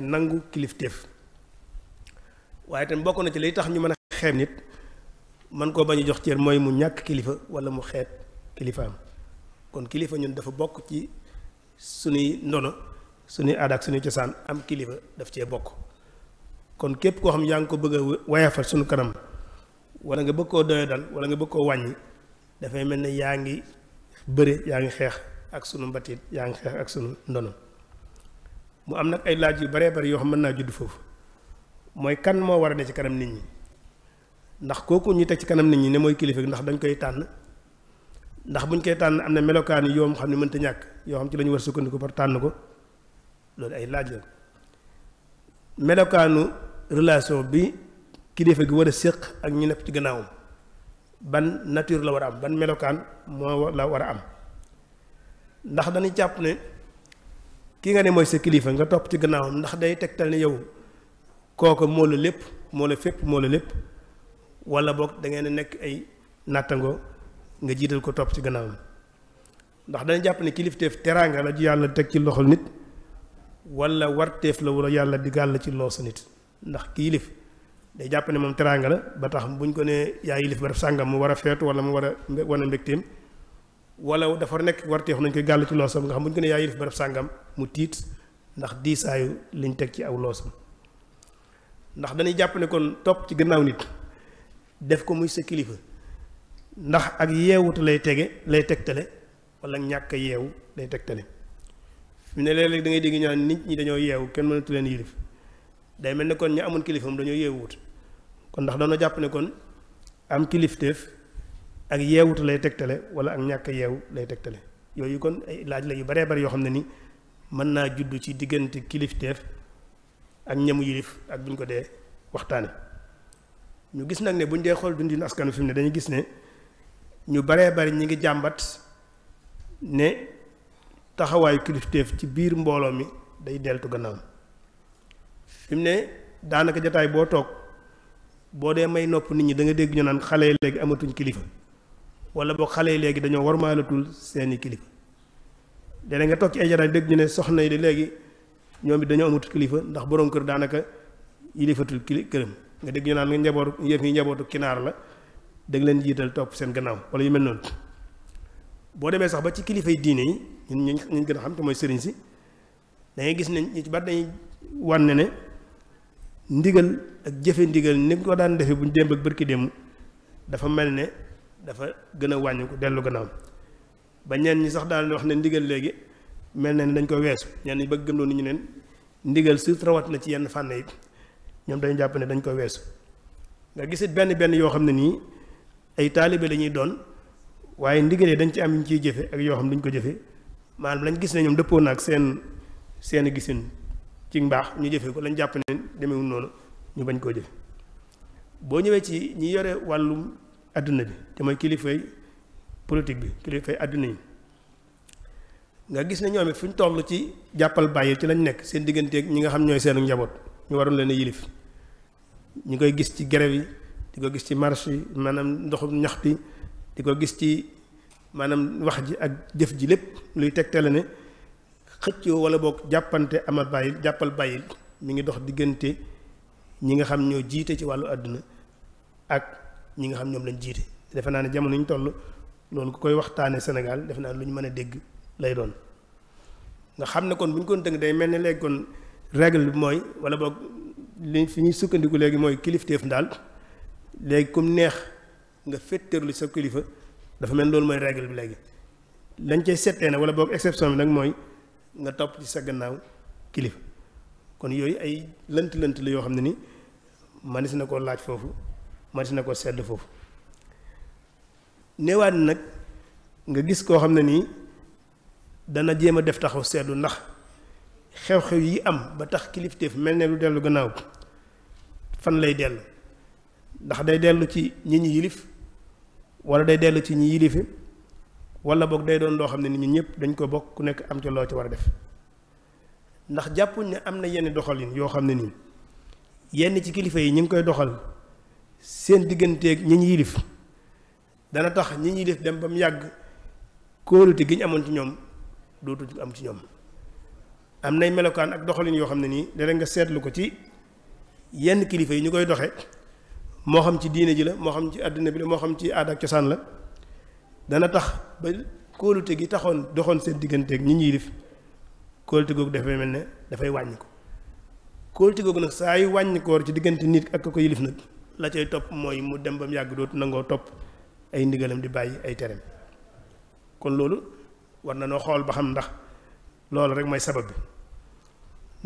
nangu kilifteef waaye tamit bokk na ci lay tax ñu mën a xeeb nit man koo bañ jox cër mooy mu ñàkk kilifa wala mu xeet kilifaam kon kilifa ñun dafa bokk ci suñuy ndono sunuy aada ak cosaan am kilifa daf cee bokk kon képp koo xam yaa ngi ko bëgg a wayafal suñu kanam wala nga bëgg koo doya dal wala nga bëgg koo wàññi dafay mel ne yaa ngi bëre yaa ngi xeex ak sunu mbatit yaa ngi xeex ak sunu ndono mu am nag ay laaj yu baree bari yoo xam mën naa judd foofu mooy kan moo war a ne ci kanam nit ñi ndax kooku ñu teg ci kanam nit ñi ne mooy kilifa ndax dañ koy tànn ndax buñ koy tànn am na melokaan yoo xam ne mënta ñàkk yoo xam ci la ñu war sukkandiku par tànn ko loolu ay laaj la melokaanu relation bi kilifa gi war a séq ak ñu nekk ci gannaawam ban nature la war a am ban melokaan moo la war a am ndax dañuy jàpp ne. ki nga ne mooy sa kilifa nga topp ci gannaawam ndax day tegtal ne yow kooku moo la lépp moo la fépp moo la lépp wala boog da ngeen nekk ay nattango nga jiital ko topp ci gannaawam ndax dañu jàpp ne kilifteef teraanga la ju yàlla teg ci loxo nit wala teef la wala yàlla di gàll ci loosu nit ndax kilif day jàpp ne moom teraanga la ba tax buñ ko ne yaay yilif ba def sàngam mu war a feetu wala mu war a wane mbégteem wala dafa nekk warteef nañ koy gàll ci loosam nga xam bu ñu ko ne yaa yilif barab sàngam mu tiit ndax diisaayu liñ teg ci aw loosam ndax dañuy jàpp ne kon topp ci gannaaw nit def ko muy sa kilifa ndax ak yeewutu lay tege lay tegtale wala ñàkk yeewu lay tegtale fi ne léeg-léeg da ngay dégg nit ñi dañoo yeewu kenn mënatu leen yilif day mel ne kon ñu amoon kilifam dañoo yeewuwut kon ndax dañoo jàpp ne kon am kilifteef ak yeewutu lay tegtale wala ak ñàkk yeewu lay tegtale yooyu kon ay laaj la yu baree bari yoo xam ne ni mën naa juddu ci diggante kilifteef ak ñamu yilif ak bu ñu ko dee waxtaane ñu gis nag ne bu ñu dee xool dundin askanu fi mu ne dañu gis ne ñu baree bari ñi ngi jàmbat ne taxawaayu kilifteef ci biir mbooloo mi day deltu gannaaw fi mu ne daanaka jataay boo toog boo dee may nopp nit ñi danga dégg ñu naan xale léegi amatuñ kilifa wala boo xale yi léegi dañoo war maalatul seeni kilifa de nga toog ci ay jara dégg ñu ne soxna yi di léegi ñoom bi dañoo amut kilifa ndax boroom kër daanaka yilifatul kili këram nga dégg ñu naan njaboot yëf yi njabootu kinaar la dégg leen jiital topp seen gannaaw wala yu mel noonu boo demee sax ba ci kilifa yi diine yi ñun ñu gën a xam te mooy sëriñ si da gis ne ñu ba bari dañuy wànne ne ndigal ak jëfe ndigal ni ko daan defee bu ñu démb ak bërki démb dafa mel ne dafa gën a wàññiku dellu gannaaw ba ñenn ñi sax daal wax ne ndigal léegi mel na ni dañ ko weesu ñenn ñi bëgg gëmloo ni ñu leen ndigal su rawat na ci yenn fànn yi ñoom dañu jàpp ne dañ ko weesu nga gisit benn benn yoo xam ne nii ay taalibe la doon waaye ndigalee dañ ci am ñu ciy jëfe ak yoo xam ne duñ ko jëfe maanaam lañ gis ne ñoom dëppoo ak seen seen gisin ci mbaax ñu jëfe ko lañ jàpp ne demeewul noonu ñu bañ koo jëfe boo ñëwee ci ñi yore wàllum adduna bi te mooy kilifay politique bi kilifay àdduna yi nga gis ne ñoom it fu ñu toll ci jàppal bàyyi ci lañu nekk seen digganteeg ñi nga xam ñooy seenu njaboot ñu waroon leen a yilif ñu koy gis ci grève yi di ko gis ci marché yi maanaam ndoxum ñax bi di ko gis ci maanaam wax ji ak jëf ji lépp luy tegtale ne xëccoo walla boog jàppante ama bàyyil jàppal bàyyil mi ngi dox diggante ñi nga xam ñoo jiite ci wàllu àdduna ak ñi nga xam ñoom lañ jiite defe naa ne jamono ñu toll loolu ku koy waxtaanee Sénégal defe naa ne lu ñu mën a dégg lay doon nga xam ne kon bu ñu ko tënk day mel ni léegi kon règle bi mooy wala boog li fi ñuy sukkandiku léegi mooy kilifteef daal léegi kum neex nga féttéerlu sa kilifa dafa mel loolu mooy régle bi léegi lañ koy settee nag wala boog exception bi nag mooy nga topp ci sa gannaaw kilifa kon yooyu ay lënt-lënt la yoo xam ne ni manis na koo laaj foofu mati na ko sedd foofu neewaat nag nga gis koo xam ne nii dana jéem a def taxaw seetlu ndax xew-xew yi am ba tax kilifteef mel ne lu dellu gannaaw fan lay dellu ndax day dellu ci ñi ñi yilif wala day dellu ci ñi yilifi boog day doon loo xam ne nii ñun ñëpp dañ ko bokk ku nekk am ci loo ci war a def ndax jàppuñ ne am na yenn doxalin yoo xam ne nii yenn ci kilifa yi ñu ngi koy doxal seen digganteeg ñi ñu yilif dana tax ñi ñu yilif dem ba mu yàgg kóolute gi ñu amoon ci ñoom dootu am ci ñoom am nay melokaan ak doxalin yoo xam ne nii dara nga seetlu ko ci yenn kilifa yi ñu koy doxe moo xam ci diine ji la moo xam ci àdduna bi la moo xam ci aada ak cosaan la dana tax ba kóolute gi taxoon doxoon seen digganteek ñi ñu yilif kóolute googu dafay mel ne dafay wàññi ko kóolute googu nag saa yu wàññi ci diggante nit ak ko yilif nag la top top moy mu dem bam yag top nango top ay ndigalam di bayyi ay terem kon lolu war na no xol ba xam ndax lolu rek moy sabab bi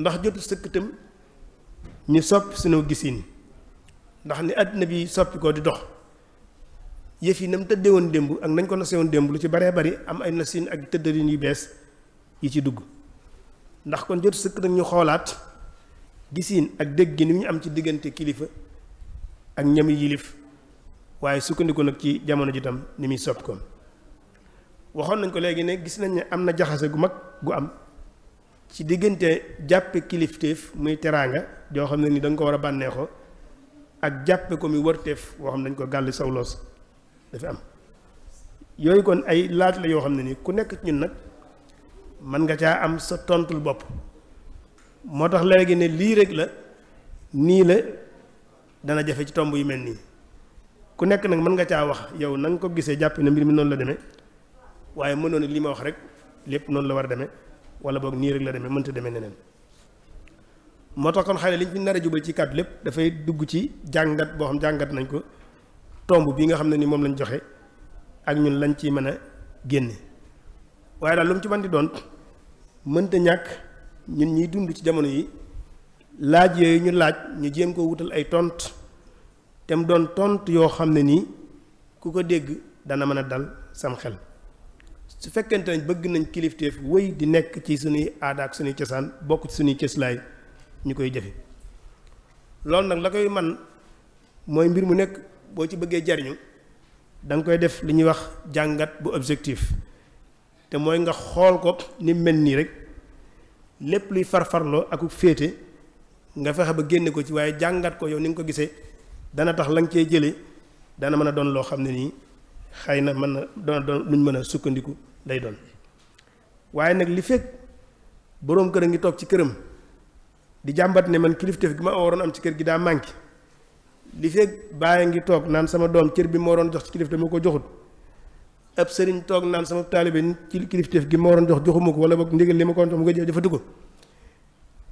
ndax jot sëkk ni sop soppi suñu gisiin ndax ni ad nabi soppi ko di dox yëf yi na mu tëddee woon ak nañ ko nasee woon dembu lu ci bare bare am ay nasin ak teddarin yu bes yi ci dugg ndax kon jot sëkk ñu xolaat gisine ak degg ni ñu am ci digënté kilifa ak ñam yilif waaye sukkandiku nag ci jamono ji tam ni muy sopp ko waxoon nañ ko léegi ne gis nañ ne am na jaxase gu mag gu am ci diggante jàppe kilifteef muy teraanga joo xam ne ni dañ ko war a bànneexoo ak jàppe ko muy wërteef woo xam ne dañ ko gàll sawloos dafa am yooyu kon ay laaj la yoo xam ne ni ku nekk ñun nag mën nga caa am sa tontul bopp moo tax léegi ne lii rek la nii la dana jafe ci tombu yu melni ku nek nak man nga ca wax yow nang ko gisee japp ne mbir mi non la demee waye mënon ni lima wax rek lepp non la war a wala bok ni rek la demee mën ta neneen nenen tax kon xalé liñ fi jubal ci lepp da fay dugg ci jangat bo xam jangat nañ ko tombu bi nga lañ joxé ak ñun lañ ci mëna waye lu ci bandi don mën ta ñak ñun ñi dund ci jamono yi laaj yooyu ñu laaj ñu jéem ko wutal ay tont te mu doon tont yoo xam ne nii ku ko dégg dana mën a dal sam xel su fekkente nañ bëgg nañ kilifteef wéy di nekk ci suñuy aada ak suñuy cosaan bokk ci suñuy cëslaay ñu koy jëfe loolu nag la koy man mooy mbir mu nekk boo ci bëggee jariñu da nga koy def li ñuy wax jàngat bu objectif te mooy nga xool ko ni mel nii rek lépp luy farfarloo ak féete nga fexe ba génne ko ci waaye jàngat ko yow ni nga ko gisee dana tax la nga cee jëlee dana mën a doon loo xam ne nii xëy na mën na doon doon luñ mën a sukkandiku lay doon waaye nag li fekk boroom kër a ngi toog ci këram di jàmbat ne man kilifteef gi ma waroon am ci kër gi daa manqué li fekk bàyyi ngi toog naan sama doom cër bi ma waroon jox ci kilifteef ma ko joxut ab sëriñ toog naan sama taalibe ci kilifteef gi ma waroon jox joxuma ko wala boog ndigal li ma ko jox mu ko jëf jëfatu ko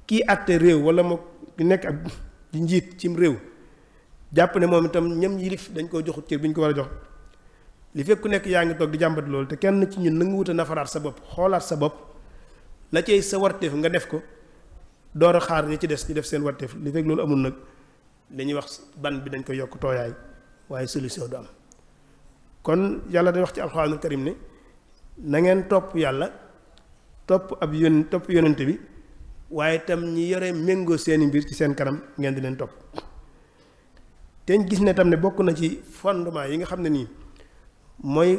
kii àtte réew wala moog di nekk ab di njiit cim réew jàpp ne moom itam ñam yilif dañ koo joxut cër bi ñu ko war a jox li fekk ku nekk yaa ngi toog di jàmbat loolu te kenn ci ñun na nga wut a nafaraat sa bopp xoolaat sa bopp la cay sa warteef nga def ko door a xaar ñi ci des ñu def seen warteef li fekk loolu amul nag li ñuy wax ban bi dañ koy yokk tooyaay waaye solution du am kon yàlla day wax ci alxuraanul karim ne nangeen topp yàlla topp ab yón topp yónente bi waaye itam ñi yore méngoo seeni mbir ci seen kanam ngeen di leen topp te ñu gis ne tam ne bokk na ci fondement yi nga xam ne nii mooy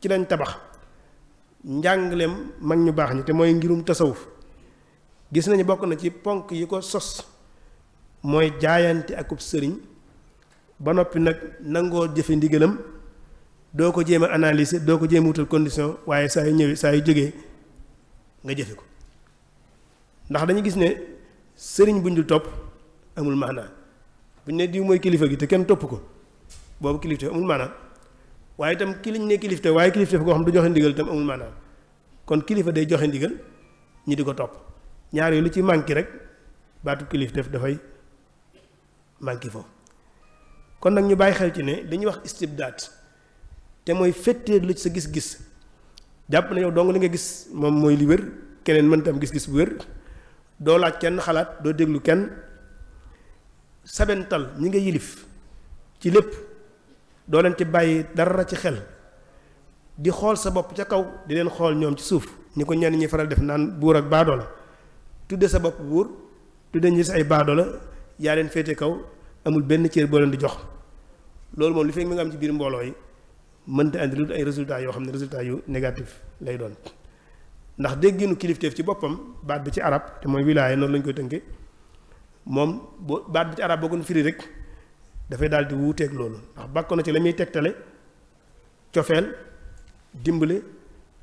ci lañ tabax njàngaleem mag ñu baax ñi te mooy ngirum tasawuf gis nañu bokk na ci ponk yi ko sos mooy jaayante akub sëriñ ba noppi nag nangoo jëfe ndigalam doo ko jéem a analyser doo ko jéem wutal condition waaye saa yu ñëwee saa yu jógee nga jëfe ko ndax dañu gis ne sëriñ buñ dul topp amul maanaa buñ ne diw mooy kilifa gi te kenn topp ko boobu kilifte amul maanaa waaye itam ki liñ ne kilifte waaye kilifte fa xam du joxe ndigal itam amul maanaa kon kilifa day joxe ndigal ñi di ko topp ñaar lu ci manqué rek baatu kilifteef dafay manqué foofu kon nag ñu bàyyi xel ci ne dañuy wax istibdaat te mooy fetteer lu ci sa gis-gis jàpp na yow dong li nga gis moom mooy li wér keneen mën tam gis-gis bu wér doo laaj kenn xalaat doo déglu kenn sabental ñi nga yilif ci lépp doo leen ci bàyyi dara ci xel di xool sa bopp ca kaw di leen xool ñoom ci suuf ñi ko ñenn ñi faral def naan buur ak baadoo la tudde sa bopp buur tudde ñi sa ay baadoo la yaa leen féete kaw amul benn cër boo leen di jox loolu moom li fekk mi nga am ci biir mbooloo yi mënta andi lu ay résultats yoo xam ne résultats yu négatif lay doon ndax dégginu kilifteef ci boppam baat bi ci arab te mooy wilaaya noonu lañ koy tënkee moom boo baat bi ci arab boo ko firi rek dafay daal di wuuteeg loolu ndax bàkko na ci la muy tegtale cofeel dimbale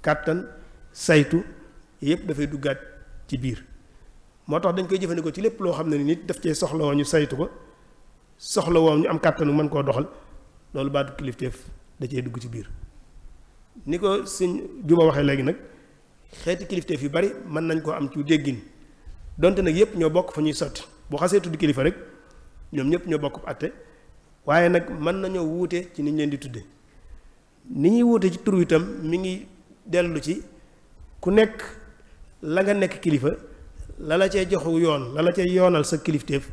kàttan saytu yépp dafay duggaat ci biir moo tax dañ koy jëfandikoo ci lépp loo xam ne nit daf cee soxla woo ñu saytu ko soxla woon ñu am kàttanu mën koo doxal loolu baatu kilifteef da cee dugg ci biir ni ko sëñ Juba waxee léegi nag xeeti kilifteef yu bari mën nañ koo am ci déggin donte nag yëpp ñoo bokk fa ñuy sotti bu xasee tudd kilifa rek ñoom ñëpp ñoo bokk atte waaye nag mën nañoo wuute ci niñ leen di tudde ni ñuy wuute ci tur itam mi ngi dellu ci ku nekk la nga nekk kilifa la la cay joxu yoon la la cay yoonal sa kilifteef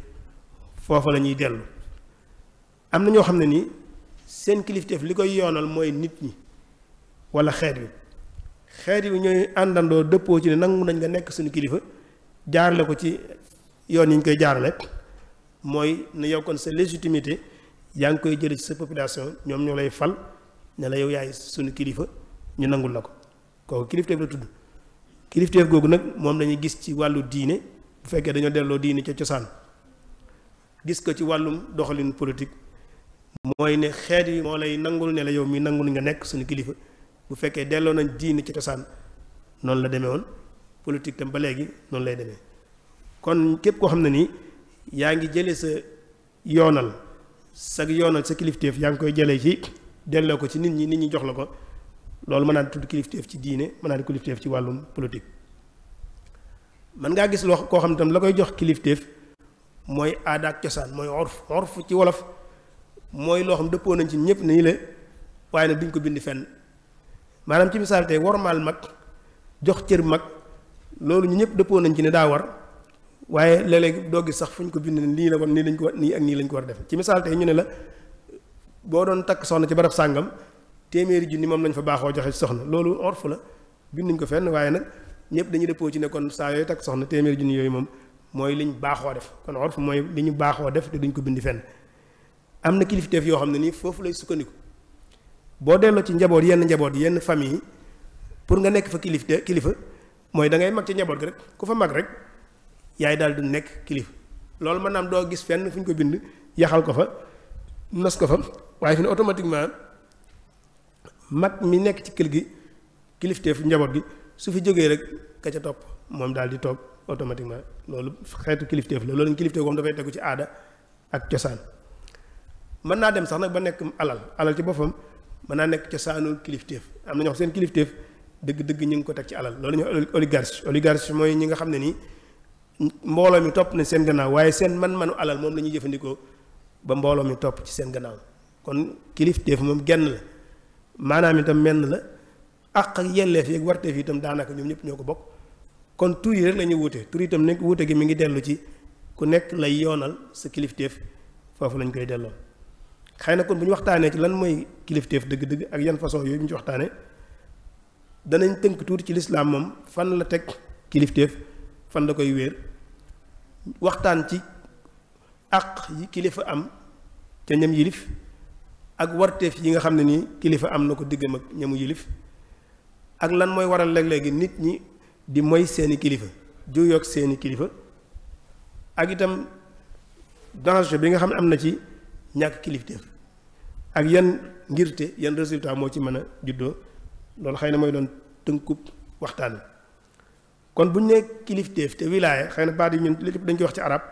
foofa lañuy dellu am na ñoo xam ne nii seen kilifteef li koy yoonal mooy nit ñi wala xeet bi xeet yi ñooy àndandoo dëppoo ci ne nangu nañ nga nekk suñu kilifa jaarale ko ci yoon yi ñu koy jaarale mooy ne yow kon sa légitimité yaa ngi koy jëlee ci sa population ñoom ñoo lay fal ne la yow yaay suñu kilifa ñu nangul la ko kooku kilifteef la tudd kilifteef googu nag moom lañuy gis ci wàllu diine bu fekkee dañoo delloo diine ci cosaan gis ko ci wàllum doxalin politique mooy ne xeet yi moo lay nangul ne la yow mi nangul nga nekk suñu kilifa bu fekkee delloo nañ diini ci cosaan noonu la demee woon politique tam ba léegi noonu lay deme kon képp koo xam ne ni yaa ngi jële sa yoonal sa yoonal sa kilifteef yaa ngi koy jëlee ci delloo ko ci nit ñi nit ñi jox la ko loolu mën naa di tudd kilifteef ci diine mën naa di kilifteef ci wàllum politique. mën ngaa gis loo koo xam tam la koy jox kilifteef mooy aada ak cosaan mooy orf orf ci wolof mooy loo xam dëppoo nañ ci ñëpp nii la waaye nag duñ ko bind fenn. maanaam ci misaal tey wormaal mag jox cër mag loolu ñu ñëpp dëppoo nañ ci ne daa war waaye léeg-léeg doo sax fu ñu ko bind nii la war nii lañ ko nii ak nii lañ ko a def ci misaal tey ñu ne la boo doon takk soxna ci barab sàngam téeméeri junni moom lañ fa baaxoo joxe ci soxna loolu orf la binduñ ko fenn waaye nag ñëpp dañu dëppoo ci ne kon saa yooyu takk soxna téeméeri junni yooyu moom mooy liñ baaxoo def kon orf mooy li ñu baaxoo def te duñ ko bindi fenn am na kilifteef yoo xam ne nii foofu lay sukkandiku bo delo ci njabot yenn njabot yenn famille pour nga nek fa kilif kilifa moy da ngay mag ci njabot rek ku fa mag rek yaay dal du nek kilif man am do gis fenn fuñ ko bind yaxal ko fa nas ko fa waaye fini automatiquement mag mi nek ci kil gi fu njabot gi su fi joge rek ka ca top mom dal di top automatiquement lolou xeetu kilifteef la lolou lañ gom da fay tegu ci aada ak cosaan man na dem sax nak ba nek alal alal ci bofam mën naa nekk cosaanu kilifteef am na ñoo xam seen kilifteef dëgg-dëgg ñu ngi ko teg ci alal loolu ñu oligarchie oligarchie mooy ñi nga xam ne nii mbooloo mi topp nañ seen gannaaw waaye seen man-manu alal moom la ñuy jëfandikoo ba mbooloo mi topp ci seen gannaaw kon kilifteef moom genn la maanaam itam menn la àq ak yelleef yeeg warteef itam daanaka ñoom ñëpp ñoo ko bokk kon tur yi rek la ñuy wuute tur itam nekk wuute gi mi ngi dellu ci ku nekk lay yoonal sa kilifteef foofu lañ koy delloo xëy na kon bu ñu waxtaanee ci lan mooy kilifteef dëgg-dëgg ak yan façon yooyu ñu ci waxtaanee danañ tënk tuuti ci lislaam moom fan la teg kilifteef fan la koy wéer waxtaan ci àq yi kilifa am ca ñam yilif ak warteef yi nga xam ne nii kilifa am na ko diggam ak ñamu yilif ak lan mooy waral léeg-léegi nit ñi di moy seeni kilifa juyoog seeni kilifa ak itam danger bi nga xam ne am na ci ñàkk kilifteef ak yan ngirte yan résultat moo ci mën a juddoo loolu xëy na mooy doon tënkub waxtaan kon bu ñu nee kilifteef te wilaaya xëy na baat yi ñun lépp ci arab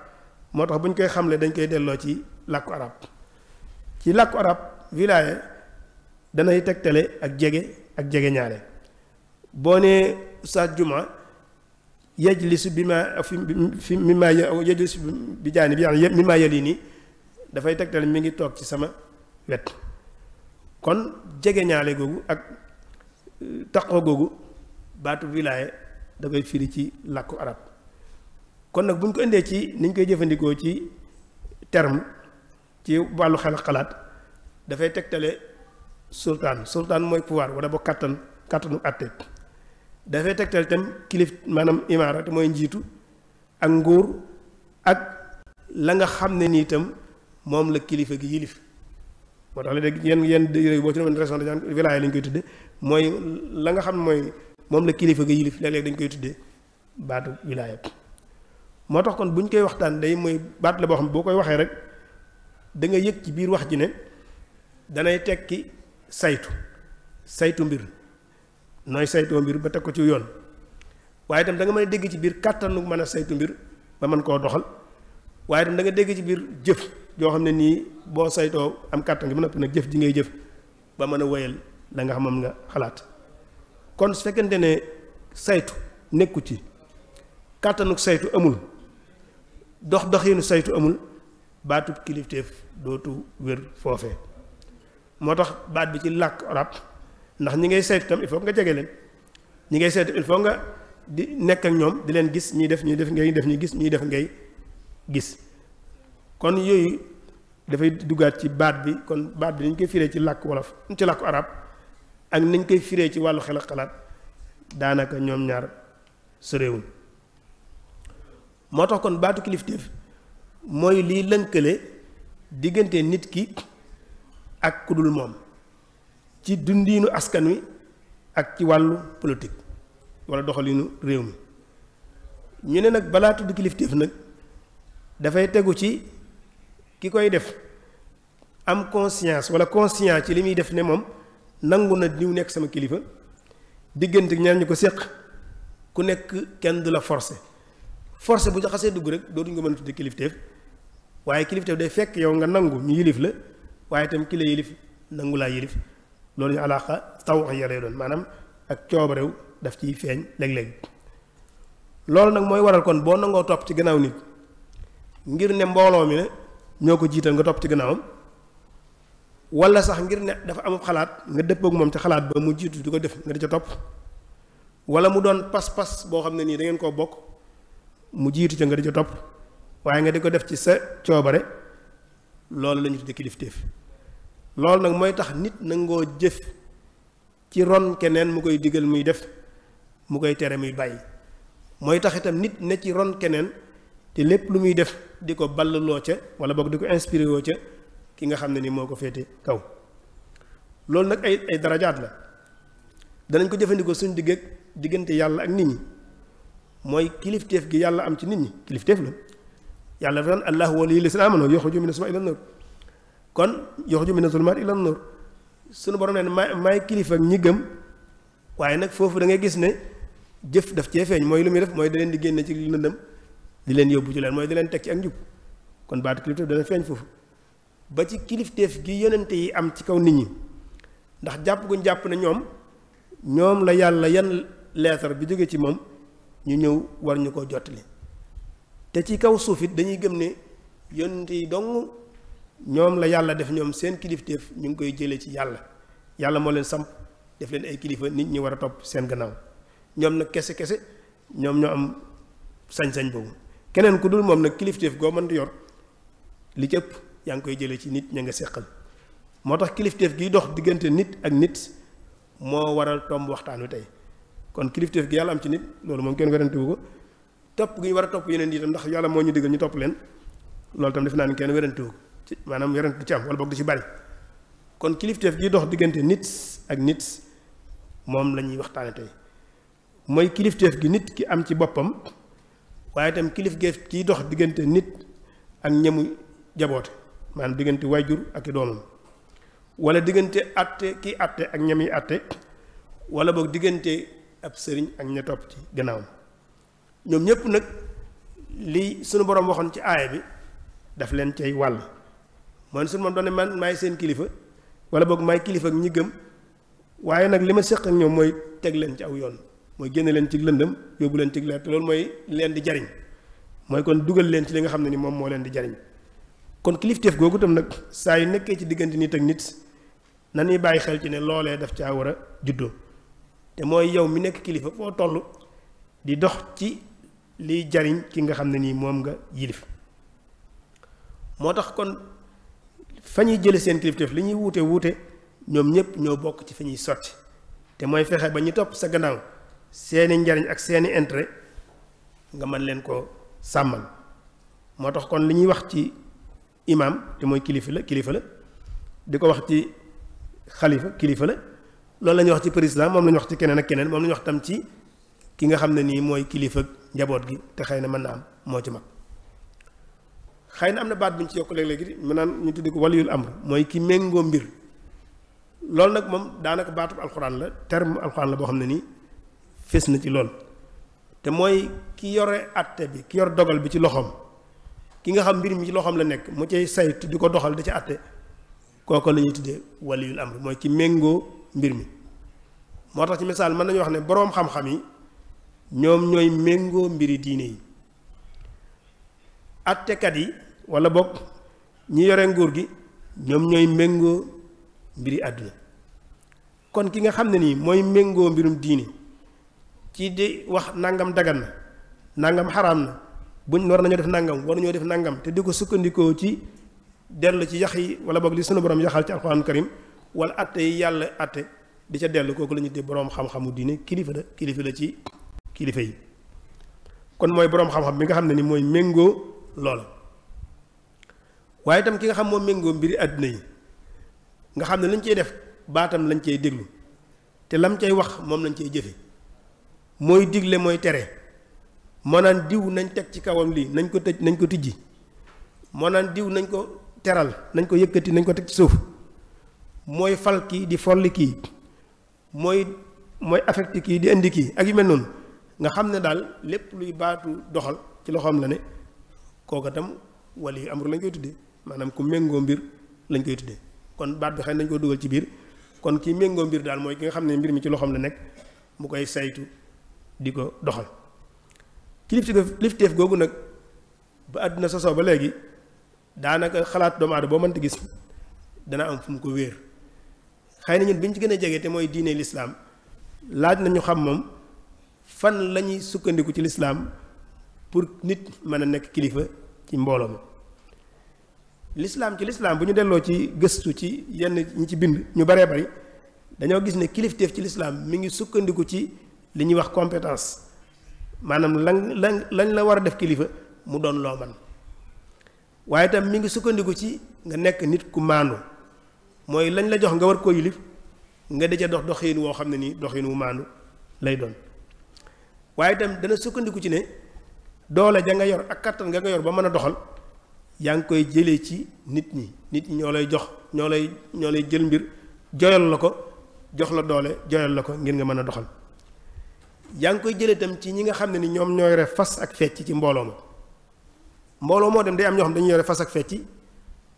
moo tax bu koy xamle dañ koy delloo ci làkku arab ci làkku arab wilaaya danay tegtale ak jege ak jege boo nee ustaas juma yajlisu bi ma fi fi mi ma yajlisu bi jaani bi mi ma yali nii dafay tegtale mi ngi toog ci sama wet kon jege ñaale gogu ak gugu euh, gogu batu wilaaye da koy firi ci làkku arab kon nak buñ ko indee ci niñ koy term ci terme ci wàllu xel xalaat dafay tegtale sultan sultan mooy pouvoir wala bo kàttan kàttanu atte dafay tegtale tam kilif manam imara te mooy njiitu ak nguur ak la nga xam ne nii itam la yilif moo tax léeg-léeg yenn yenn yooyu boo ci doon raison dañu naan wilaaya lañ koy tudde mooy la nga xam mooy moom la kilifa ga yilif léeg dañ koy tuddee baatu wilaaya moo tax kon bu ñu koy waxtaan day mooy baat la boo xam ne boo koy waxee rek danga yëg ci biir wax ji ne danay tekki saytu saytu mbir nooy saytoo mbir ba teg ko ci yoon waaye itam danga nga mën a dégg ci biir kàttanu mën a saytu mbir ba man koo doxal waaye itam da dégg ci biir jëf yoo xam ne nii boo saytoo am kàttan gi ba noppi nag jëf ji ngay jëf ba mën a woyal la nga xamam nga xalaat kon su fekkente ne saytu nekku ci kàttanuk saytu amul dox doxiinu saytu amul baatub kilifteef dootu wér foofe moo tax baat bi ci làkk arab ndax ñi ngay saytu tam il faut nga jege leen ñi ngay saytu il faut nga di nekk ak ñoom di leen gis ñuy def ñuy def ngay def ñu gis ñuy def ngay gis kon yooyu dafay duggaat ci baat bi kon baat bi nañ koy firee ci làkk wolof ci làkku arab ak nañ koy firee ci wàllu xel ak xalaat daanaka ñoom ñaar sorewul moo tax kon baatu kilifteef mooy liy lënkale diggante nit ki ak ku dul moom ci dundiinu askan wi ak ci wàllu politique wala doxalinu réew mi ñu ne nag balaa tudd kilifteef nag dafay tegu ci ki koy def am conscience wala conscient ci li muy def ne moom nangu na diw nekk sama kilifa diggante ñaar ñu ko séq ku nekk kenn du la forcé force bu jaxasee dugg rek dootuñu ko mën a tudde kilifteef waaye kilifteef day fekk yow nga nangu ñu yilif la waaye itam ki la yilif nangu laa yilif loolu ñu alaaxa taw ya lay doon maanaam ak coobarew daf ciy feeñ léeg-léeg loolu nag mooy waral kon boo nangoo topp ci gannaaw nit ngir ne mbooloo mi ne ñoko ko nga top ci gannaawam wala sax ngir ne dafa am xalaat nga ak mom ci xalaat ba mu jitu diko def nga di ca top wala mu doon pas-pas bo xamne ni da ngeen koo bok mu jitu ci nga di ca top waye nga diko def ci sa ciobare loolu lañu tuddi kilifteef loolu nag mooy tax nit nangoo jëf ci ron keneen mu koy digal muy def mu koy tere muy bàyyi mooy tax itam nit ne ci ron kenen te lépp lu muy def di ko ballaloo ca wala boog di ko inspiré woo ca ki nga xam ne ni moo ko féete kaw loolu nag ay ay darajaat la danañ ko jëfandikoo suñ digg diggante yàlla ak nit ñi mooy kilifteef gi yàlla am ci nit ñi kilifteef la yàlla dafa naan allahu waliyul lazina amanu yaxruju mina zulumaati ilan nuur kon yaxruju mina zulumaati ilan nuur sunu borom ne maay maay kilifa ñi gëm waaye nag foofu da ngay gis ne jëf daf cee mooy lu muy def mooy daleen di génne ci lëndëm di leen yóbbu ci leen mooy di leen teg ci ak njub kon baatu kilifteef dana feeñ foofu ba ci kilifteef gi yonente yi am ci kaw nit ñi ndax jàpp guñ jàpp na ñoom la yàlla yan leetar bi jóge ci moom ñu ñëw war ñu ko jottali te ci kaw suuf it dañuy gëm ne yonente yi dong ñoom la yàlla def ñoom seen kilifteef ñu ngi koy jëlee ci yàlla yàlla moo leen sàmp def leen ay kilifa nit ñi war a topp seen gannaaw ñoom nag kese kese ñoom ñoo am sañ-sañ boobu keneen ku dul moom nag kilifteef goo mën di yor li ci ëpp yaa ngi koy jëlee ci nit ña nga seqal moo tax kilifteef giy dox diggante nit ak nit moo waral tomb waxtaanu tey kon kilifteef gi yàlla am ci nit loolu moom kenn werante wu ko topp gi ñu war a topp yeneen itam ndax yàlla moo ñu digal ñu topp leen loolu tam def naa ni kenn werante wu ko maanaam werante du ci am wala boog du ci bari kon kilifteef dox diggante nit ak nit moom la ñuy waxtaane tey mooy kilifteef gi nit ki am ci boppam waaye itam kilif geef kiy dox diggante nit ak ñamu jaboote maanaam diggante wayjur ak i doomam wala diggante atte kii atte ak ñami atte wala boog diggante ab sëriñ ak ña topp ci gannaawam ñoom ñëpp nag li sunu borom waxoon ci aaya bi daf leen cay wàll man sunu moom doone man maay seen kilifa wala boog may kilifa ak ñi gëm waaye nag li ma seq ak ñoom mooy teg leen ci aw yoon mooy génne leen ci lëndëm yóbbu leen ci leer te loolu mooy leen di jariñ mooy kon dugal leen ci li nga xam ne ni moom moo leen di jariñ kon kilifteef googu tam nag saa yu nekkee ci diggante nit ak nit na ñuy bàyyi xel ci ne loolee daf caa war a juddoo te mooy yow mi nekk kilifa foo toll di dox ci liy jariñ ki nga xam ne nii moom nga yilif moo tax kon fa ñuy jële seen kilifteef li ñuy wuute wuute ñoom ñëpp ñoo bokk ci fi ñuy sotti te mooy fexe ba ñu topp sa gannaaw seeni njariñ ak seeni intérêt nga mën leen ko sàmmal moo tax kon li ñuy wax ci imaam te mooy kilifa la kilifa la di ko wax ci xalifa kilifa la loolu la wax ci président moom lañu wax ci keneen ak keneen moom la ñuy wax tam ci ki nga xam ne nii mooy kilifa njaboot gi te xëy na mën na am moo ci mag xëy na am na baat bu ñu ci yokk léeg-léegi mu naan ñu tuddi ko waliyul amr mooy kii ki ngoo mbir loolu nag moom daanaka baatub alxuraan la terme alxuraan la boo xam ne fés na ci lool te mooy ki yore atte bi ki yor dogal bi ci loxoom ki nga xam mbir mi ci loxoom la nekk mu cay saytu di ko doxal di ci atte kooku lañuy ñuy tuddee waliyul amri mooy ki méngoo mbir mi moo tax ci misaal mën nañu wax ne boroom xam-xam yi ñoom ñooy méngoo mbiri diine yi attekat yi wala bokk ñi yore nguur gi ñoom ñooy méngoo mbiri àdduna kon ki nga xam ne nii mooy méngoo mbirum diine kii de wax nangam dagan na nangam xaram na buñ war nañoo def nangam war nañoo def nangam te di ko sukkandikoo ci dellu ci yax yi wala boog li sunu borom yaxal ci alxuraan karim wala atte yi yàlla atte di ca dellu kooku lañu de boroom borom xam-xamu diine kilifa la kilifa la ci kilifa yi kon mooy boroom xam-xam bi nga xam ne ni mooy méngoo lool waaye itam ki nga xam moo méngoo mbiri àddina yi nga xam ne lañ cey def baatam lañ cey déglu te lam cay wax moom lañ cey jëfe mooy digle mooy tere moo naan diw nañ teg ci kawam lii nañ ko tëj nañ ko tijji moo naan diw nañ ko teral nañ ko yëkkati nañ ko teg ci suuf mooy fal kii di folli kii mooy mooy affecté kii di indi kii ak yu mel noonu nga xam ne daal lépp luy baatu doxal ci loxoom la ne kooka tam wali amru lañ koy tuddee maanaam ku méngoo mbir lañ koy tuddee kon baat bi xëy nañ ko dugal ci biir kon kii méngoo mbir daal mooy ki nga xam ne mbir mi ci loxoom la nekk mu koy saytu di ko doxal kilifteef googu nag ba àdduna sosoo ba léegi daanaka xalaat doomu aadama boo mënta gis dana am fu mu ko wéer xëy na ñun bi ñu ci gën a jege te mooy diine lislaam laaj na ñu xam moom fan lañuy sukkandiku ci lislaam pour nit mën a nekk kilifa ci mbooloo mi lislaam ci lislaam bu ñu delloo ci gëstu ci yenn ñi ci bind ñu baree bari dañoo gis ne kilifteef ci lislaam mi ngi sukkandiku ci li ñuy wax compétence maanaam lan lan lañ la war a def kilifa mu doon loo man waaye itam mi ngi sukkandiku ci nga nekk nit ku maandu mooy lañ la jox nga war ko yilif nga dëja dox doxiin woo xam ne nii doxiin wu maandu lay doon waaye itam dana sukkandiku ci ne doole ja nga yor ak kattan nga nga yor ba mën a doxal yaa ngi koy jëlee ci nit ñi nit ñi ñoo lay jox ñoo lay ñoo lay jël mbir joyal la ko jox la doole joyal la ko ngir nga mën a doxal yaa ngi koy jëlee itam ci ñi nga xam ne ni ñoom ñoo yore fas ak fecc ci mbooloo ma mbooloo moo dem day am ñoo xam dañuy yore fas ak fecc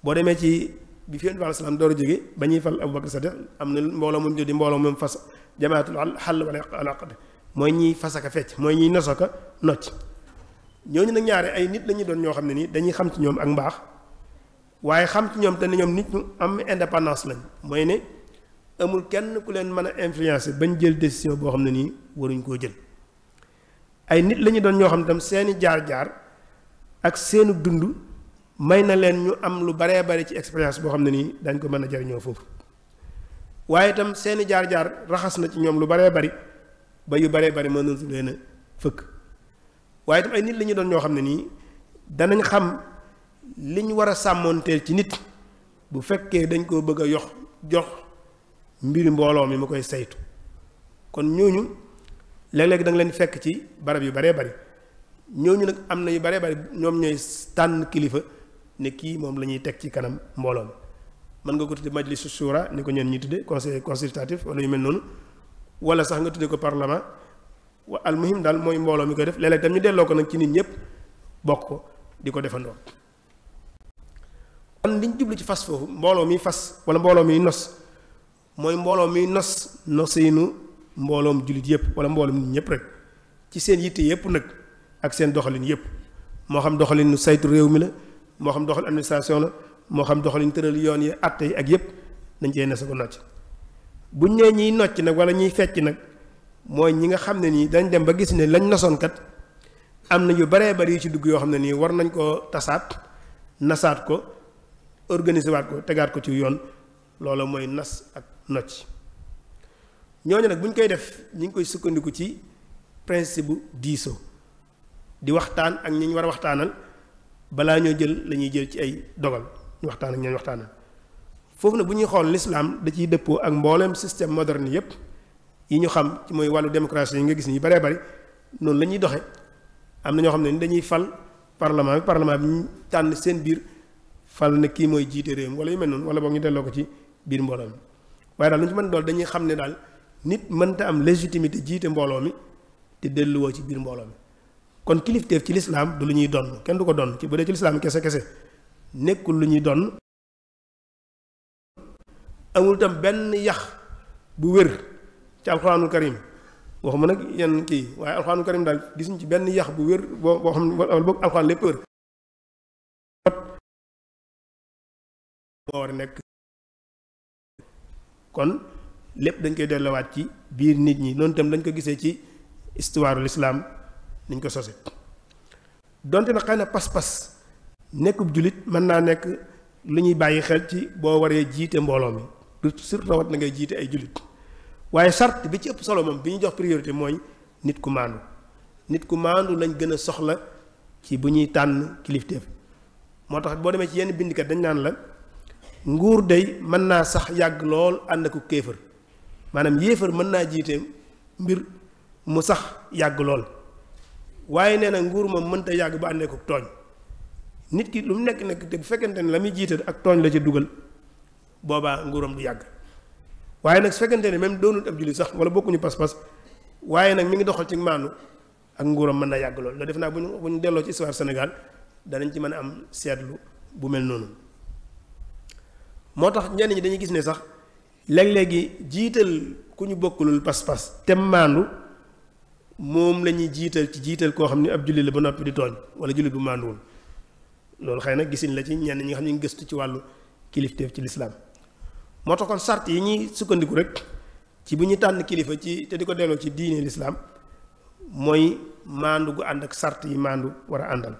boo demee ci bi fi Yonent bi door a ba ñuy fal Abubakar Sadiq am na mbooloo mu ñu mbooloo moom fas jamaatul xàll wala alaqad mooy ñiy fas ak fecc mooy ñiy noso ka nocc ñooñu nag ñaari ay nit lañuy doon ñoo xam ne nii dañuy xam ci ñoom ak mbaax waaye xam ci ñoom te ne ñoom nit ñu am indépendance lañ mooy ne. amul kenn ku leen mën a influencer bañ jël décision boo xam ne nii waruñ koo jël ay nit lañuy doon ñoo xam tam seeni jaar-jaar ak seenu dund may na leen ñu am lu baree bari ci expérience boo xam ne nii dañ ko mën a jariñoo foofu waaye itam seeni jaar-jaar raxas na ci ñoom lu baree bari ba yu baree bari mënatu leen a fëkk waaye itam ay nit doon ñoo xam ne nii danañ xam li ñu war a sàmmoonteel ci nit bu fekkee dañ koo bëgg a yox jox mbiri mbooloo mi mu koy saytu kon ñooñu léeg-léeg da nga leen fekk ci barab yu baree bari ñooñu nag am na yu baree bari ñoom ñooy tànn kilifa ne kii moom lañuy teg ci kanam mbooloo mi mën nga ko tudde majlisu suura ni ko ñeen ñi tudde conseil consultatif wala yu mel noonu wala sax nga tudde ko parlement wa al daal mooy mbooloo mi koy def léeg-léeg ñu delloo ko nag ci nit ñëpp bokk ko di ko defandoon kon liñ jublu ci fas foofu mbooloo mi fas wala mbooloo mi nos mooy mbooloo mi nos noseenu mbooloom jullit yëpp wala mbooloom nit ñëpp rek ci seen yitte yëpp nag ak seen doxalin yëpp moo xam doxalinu saytu réew mi la moo xam doxalin administration la moo xam doxalin tëral yoon yi atte yi ak yëpp dañ cee nese ko nocc buñ nee ñiy nocc nag wala ñuy fecc nag mooy ñi nga xam ne nii dañ dem ba gis ne lañ nasoon kat am na yu baree bari yu ci dugg yoo xam ne nii war nañ koo tasaat nasaat ko organiser ko tegaat ko ci yoon loolu nas ak nocc ñooñu nag bu ñu koy def ñu ngi koy sukkandiku ci principe bu diisoo di waxtaan ak ñi ñu war a waxtaanal balaa ñoo jël la ñuy jël ci ay dogal ñu waxtaan ak ñooñu waxtaanal foofu nag bu ñuy xool lislaam da ciy dëppoo ak mboolem système moderne yépp yi ñu xam ci mooy wàllu démocratie yi nga gis ni yu baree noonu la ñuy doxe am na ñoo xam ne ni dañuy fal parlement bi parlement bi ñu tànn seen biir fal na kii mooy jiite réew mi wala yu mel noonu wala boog ñu delloo ko ci biir mbooloo waaye daal lu ñu ci mën dool dañuy xam ne daal nit mënta am légitimité jiite mbooloo mi te delluwoo ci biir mbooloo mi kon kilifteef ci lislaam du lu ñuy donn kenn du ko donn ci bu dee ci lislaam kese kese nekkul lu ñuy donn amul tam benn yax bu wér ci alxuraanul karim waxuma nag yenn kii waaye alxuraanul karim daal gisuñ ci benn yax bu wér boo boo xam ne boo war a nekk kon lépp dañ koy delluwaat ci biir nit ñi noonu tam dañ ko gisee ci histoire lislaam niñ ko sose donte na xëy na pas-pas nekkub jullit mën naa nekk lu ñuy bàyyi xel ci boo waree jiite mbooloo mi surtout rawat na ngay jiite ay jullit waaye sart bi ci ëpp solo moom bi ñu jox priorité mooy nit ku maandu nit ku maandu lañ gën a soxla ci bu ñuy tànn kilifteef moo tax boo demee ci yenn bindkat dañ naan la nguur dey mën naa sax yàgg lool ànd ak kéefër maanaam yéefër mën naa jiite mbir mu sax yàgg lool waaye nee na nguur moom mënta yàgg ba ànd ak tooñ nit ki lu mu nekk nekk te bu fekkente ne la muy jiite ak tooñ la ci dugal boobaa nguuram du yàgg waaye nag su ne même doonul ab sax wala bokkuñu pas-pas waaye nag mi ngi doxal ci maanu ak nguuram mën na yàgg lool loolu def naa bu ñu bu ñu delloo ci histoire Sénégal danañ ci mën a am seetlu bu mel noonu. moo tax ñenn ñi dañuy gis ne sax léeg-léegi jiital ku ñu bokkulul pas-pas te maandu moom lañuy ñuy jiital ci jiital koo xam ne ab jullit la ba noppi di tooñ wala jullit bu maanduwul loolu xëy na gisin la ci ñenn ñi nga xam ne ñu gëstu ci wàllu kilifteef ci lislaam moo kon sart yi ñuy sukkandiku rek ci bu ñu tànn kilifa ci te di ko delloo ci diine lislaam mooy maandu gu ànd ak sart yi maandu war a àndal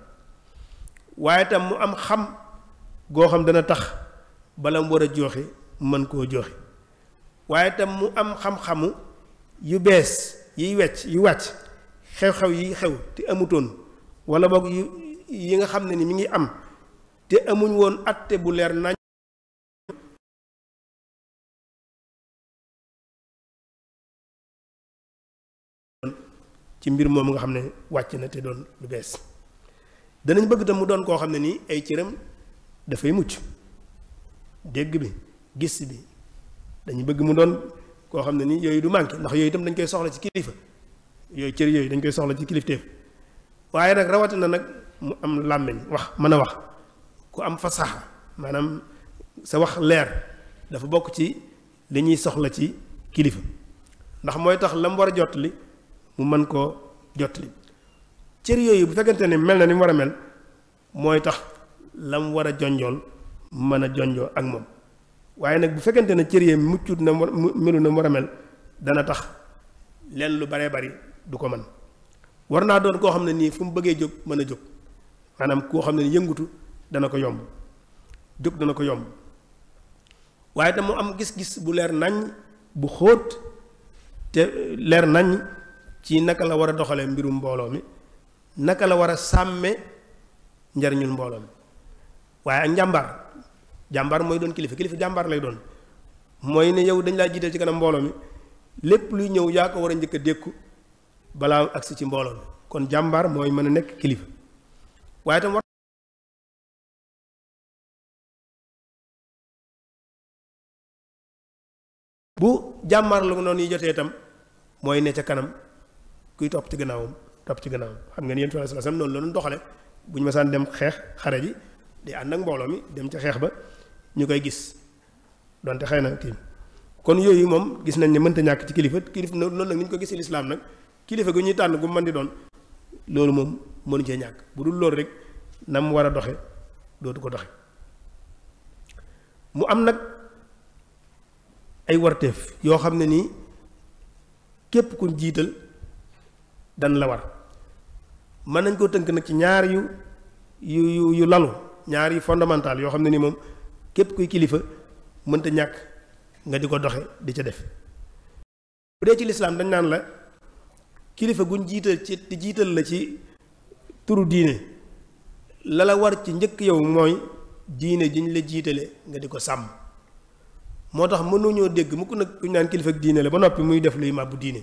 waaye tam mu am xam goo xam dana tax bala mu war a jooxe mën koo jooxe waaye tam mu am xam-xamu yu bees yiy wecc yu wàcc xew-xew yi xew te amutoon wala boog yi nga xam ne ni mi ngi am te amuñ woon atte bu leer nañ ci mbir moom nga xam ne wàcc na te doon lu bees danañ bëgg tam mu doon koo xam ne nii ay cëram dafay mucc dégg bi gis bi dañu bëgg mu doon koo xam ne ni yooyu du manqué ndax yooyu itam dañ koy soxla ci kilifa yooyu cër yooyu dañ koy soxla ci kilifteef waaye nag rawatina nag mu am làmmiñ wax mën a wax ku am fasaxa maanaam sa wax leer dafa bokk ci li ñuy soxla ci kilifa ndax mooy tax la mu war a jot li mu mën koo jottali cër yooyu bu fekkente ne mel na ni mu war a mel mooy tax la mu war a jonjoon mën a jonjoo ak moom waaye nag bu fekkente ne cër yi muccut na melu na war a mel dana tax lenn lu baree bari du ko mën war naa doon koo xam ne nii fu mu bëggee jóg mën a jóg maanaam koo xam ne yëngutu dana ko yomb jóg dana ko yomb waaye tam mu am gis-gis bu leer nañ bu xóot te leer nañ ci naka la war a doxalee mbirum mbooloo mi naka la war a sàmme njariñul mbooloo mi waaye ak njàmbaar jàmbaar mooy doon kilifa kilifa jàmbaar lay doon mooy ne yow dañ laa jiital ci kanam mbooloo mi lépp luy ñëw yaa ko war a njëkk a dékku balaa agsi ci mbooloo mi kon jàmbaar mooy mën a nekk kilifa waaye tam war bu jàmbaar itam mooy ne ca kanam kuy topp ci gannaawam topp ci gannaawam xam ngeen yéen sallallahu alayhi wasallam noonu doon doxale bu ñu mësaan dem xeex xare ji ànd ak mbooloo mi dem ca xeex ba ñu koy gis donte xëy na kii kon yooyu moom gis nañ ne mënta ñàkk ci kilifa kilifa loolu nag ni ñu ko gis lislaam nag kilifa gi ñuy tànn gu mën di doon loolu moom mënu cee ñàkk bu dul loolu rek na mu war a doxe dootu ko doxe mu am nag ay warteef yoo xam ne nii képp ku jiital dan la war mën nañ koo tënk nag ci ñaar yu yu yu lalu ñaar yu fondamental yoo xam ne nii moom képp kuy kilifa mënta ñàkk nga di ko doxe di ca def bu dee ci lislaam dañ naan la kilifa guñ jiital ci di jiital la ci turu diine la la war ci njëkk yow mooy diine jiñ la jiitale nga di ko sàmm moo tax mënuñoo dégg mu ko nag ñu naan kilifa ak diine la ba noppi muy def luy màbbu diine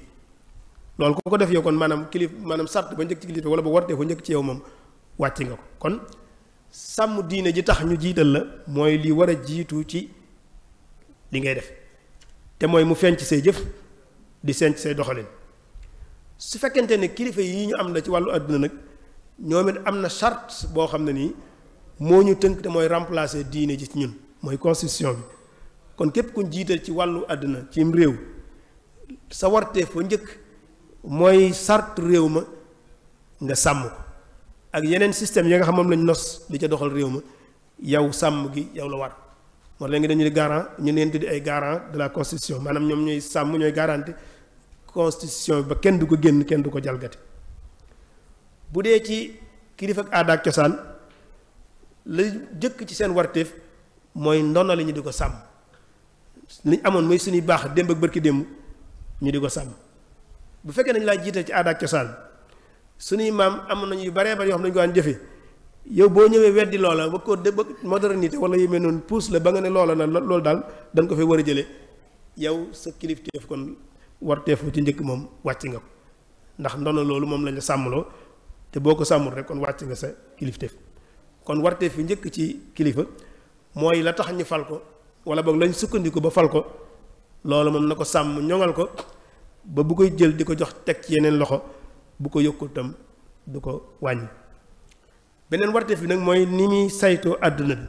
loolu ku ko def yow kon maanaam kilif maanaam sart ba njëkk ci kilifa wala ba wartee ko njëkk ci yow moom wàcc nga ko kon sàmm diine ji tax ñu jiital la mooy lii war a jiitu ci li ngay def te mooy mu feeñ ci say jëf di feeñ ci say doxalin su fekkente ne kilifa yi ñu am na ci wàllu àdduna nag ñoom it am na chart boo xam ne nii moo ñu tënk te mooy remplacer diine ji ñun mooy constitution bi kon képp kuñ jiital ci wàllu àdduna ci réew sa wartee fa njëkk mooy charte réew ma nga sàmm ko ak yeneen système yi nga xam moom lañ nos di ca doxal réew ma yow sàmm gi yow la war moo léegi dañu di garant ñu leen di ay garant de la constitution maanaam ñoom ñooy sàmm ñooy garanti constitution ba kenn du ko génn kenn du ko jalgati bu dee ci kilifa ak aada ak cosaan la jëkk ci seen warteef mooy ndono la ñu di ko sàmm liñ amoon mooy suñuy baax démb ak bërki démb ñu di ko sàmm bu fekkee nañ laa jiital ci aada ak cosaan suñuy maam am nañu yu baree bari yoo xam ne dañu ko daan yow boo ñëwee weddi loola ba ko de ba modernité wala yu mel noonu pousse la ba nga ne loola na loolu daal dañ ko fi war a jëlee yow sa kilifteef kon warteefu ci njëkk moom wàcc nga ko ndax ndono loolu moom lañ la te boo ko sàmmul rek kon wàcc nga sa kilifteef kon warteef fi njëkk ci kilifa mooy la tax ñu fal ko wala boog lañ sukkandiku ba fal ko loolu moom na ko sàmm ñoŋal ko ba bu koy jël di ko jox teg ci yeneen loxo. bu ko yokkutam du ko wàññi beneen warte bi nag mooy ni muy saytoo àdduna bi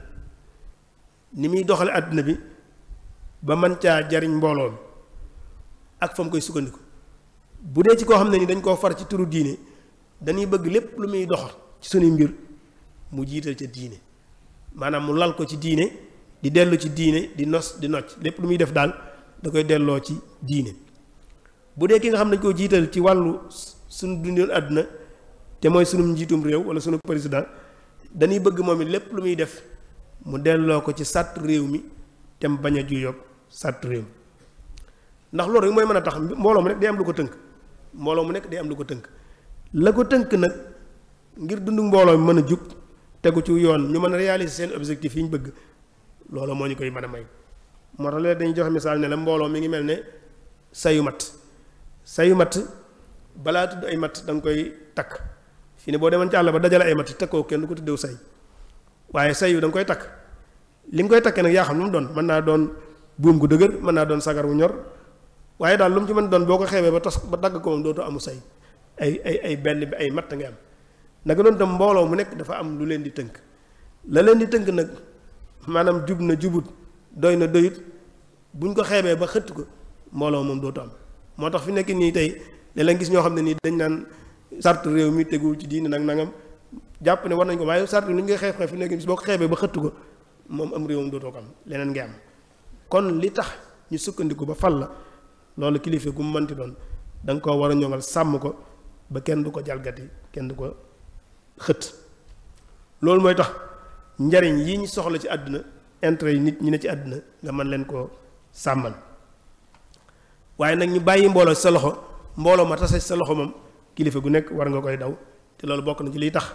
ni muy doxale àdduna bi ba mën caa jariñ mbooloo mi ak fa mu koy sukkandiku bu dee ci koo xam ne ni dañ koo far ci turu diine dañuy bëgg lépp lu muy doxal ci suñuy mbir mu jiital ca diine maanaam mu lal ko ci diine di dellu ci diine di nos di nocc lépp lu muy def daal da koy delloo ci diine bu dee ki nga xam ne dañ koo jiital ci wàllu sunu dundal aduna te moy sunu njitum rew wala sunu president dañuy bëgg momi lepp lu muy def mu delloo ko ci sat rew mi te mu bañ a juyoog sàtt réew ndax lool rek moy mëna tax mbolom rek day am lu ko teunk mbolom nek day am lu ko teunk la ko teunk nak ngir dundu mbolom mëna juk teggu ci yoon ñu mëna réaliser seen objectif yi bëgg loolu moñu koy mëna may mo tax léeg dañuy joxe ne la sayumat. mi ngi melne sayu balaa tudd ay matt da nga koy takk fii ne boo demoon ci àll ba dajale ay matt takkoo kenn du ko tuddew say waaye say yu da nga koy takk li nga koy takkee nag yaa xam lu mu doon mën naa doon buum gu dëgër mën naa doon sagar wu ñor waaye daal lu mu ci mën doon boo ko xeebee ba tas ba dagg ko moom dootu amu say ay ay ay benn bi ay matt nga am naka doon tam mbooloo mu nekk dafa am lu leen di tënk la leen di tënk nag maanaam jub na jubut doy na doyut buñ ko xeebee ba xëtt ko mbooloo moom dootu am moo tax fi nekk nii tey da la gis ñoo xamne ni dañ nan sart rew mi teggul ci diine nak nangam japp ne war nañ ko waye sart ni nga xex xef fi nekk bis boo ba xettu ko mom am réewam dootoo ko am leneen am kon li tax ñu sukkandiku ba fal la lolu kilife gum manti don dang ko wara ñongal sam ko ba kenn du ko jalgati kenn du ko xët loolu mooy tax njariñ yi ñu soxla ci aduna intérêt nit ñi ne ci aduna nga man len ko samal waye nak ñu bayyi mbolo sa loxo mbooloo ma tase sa loxo moom kilifa gu nekk war nga koy daw te loolu bokk na ci liy tax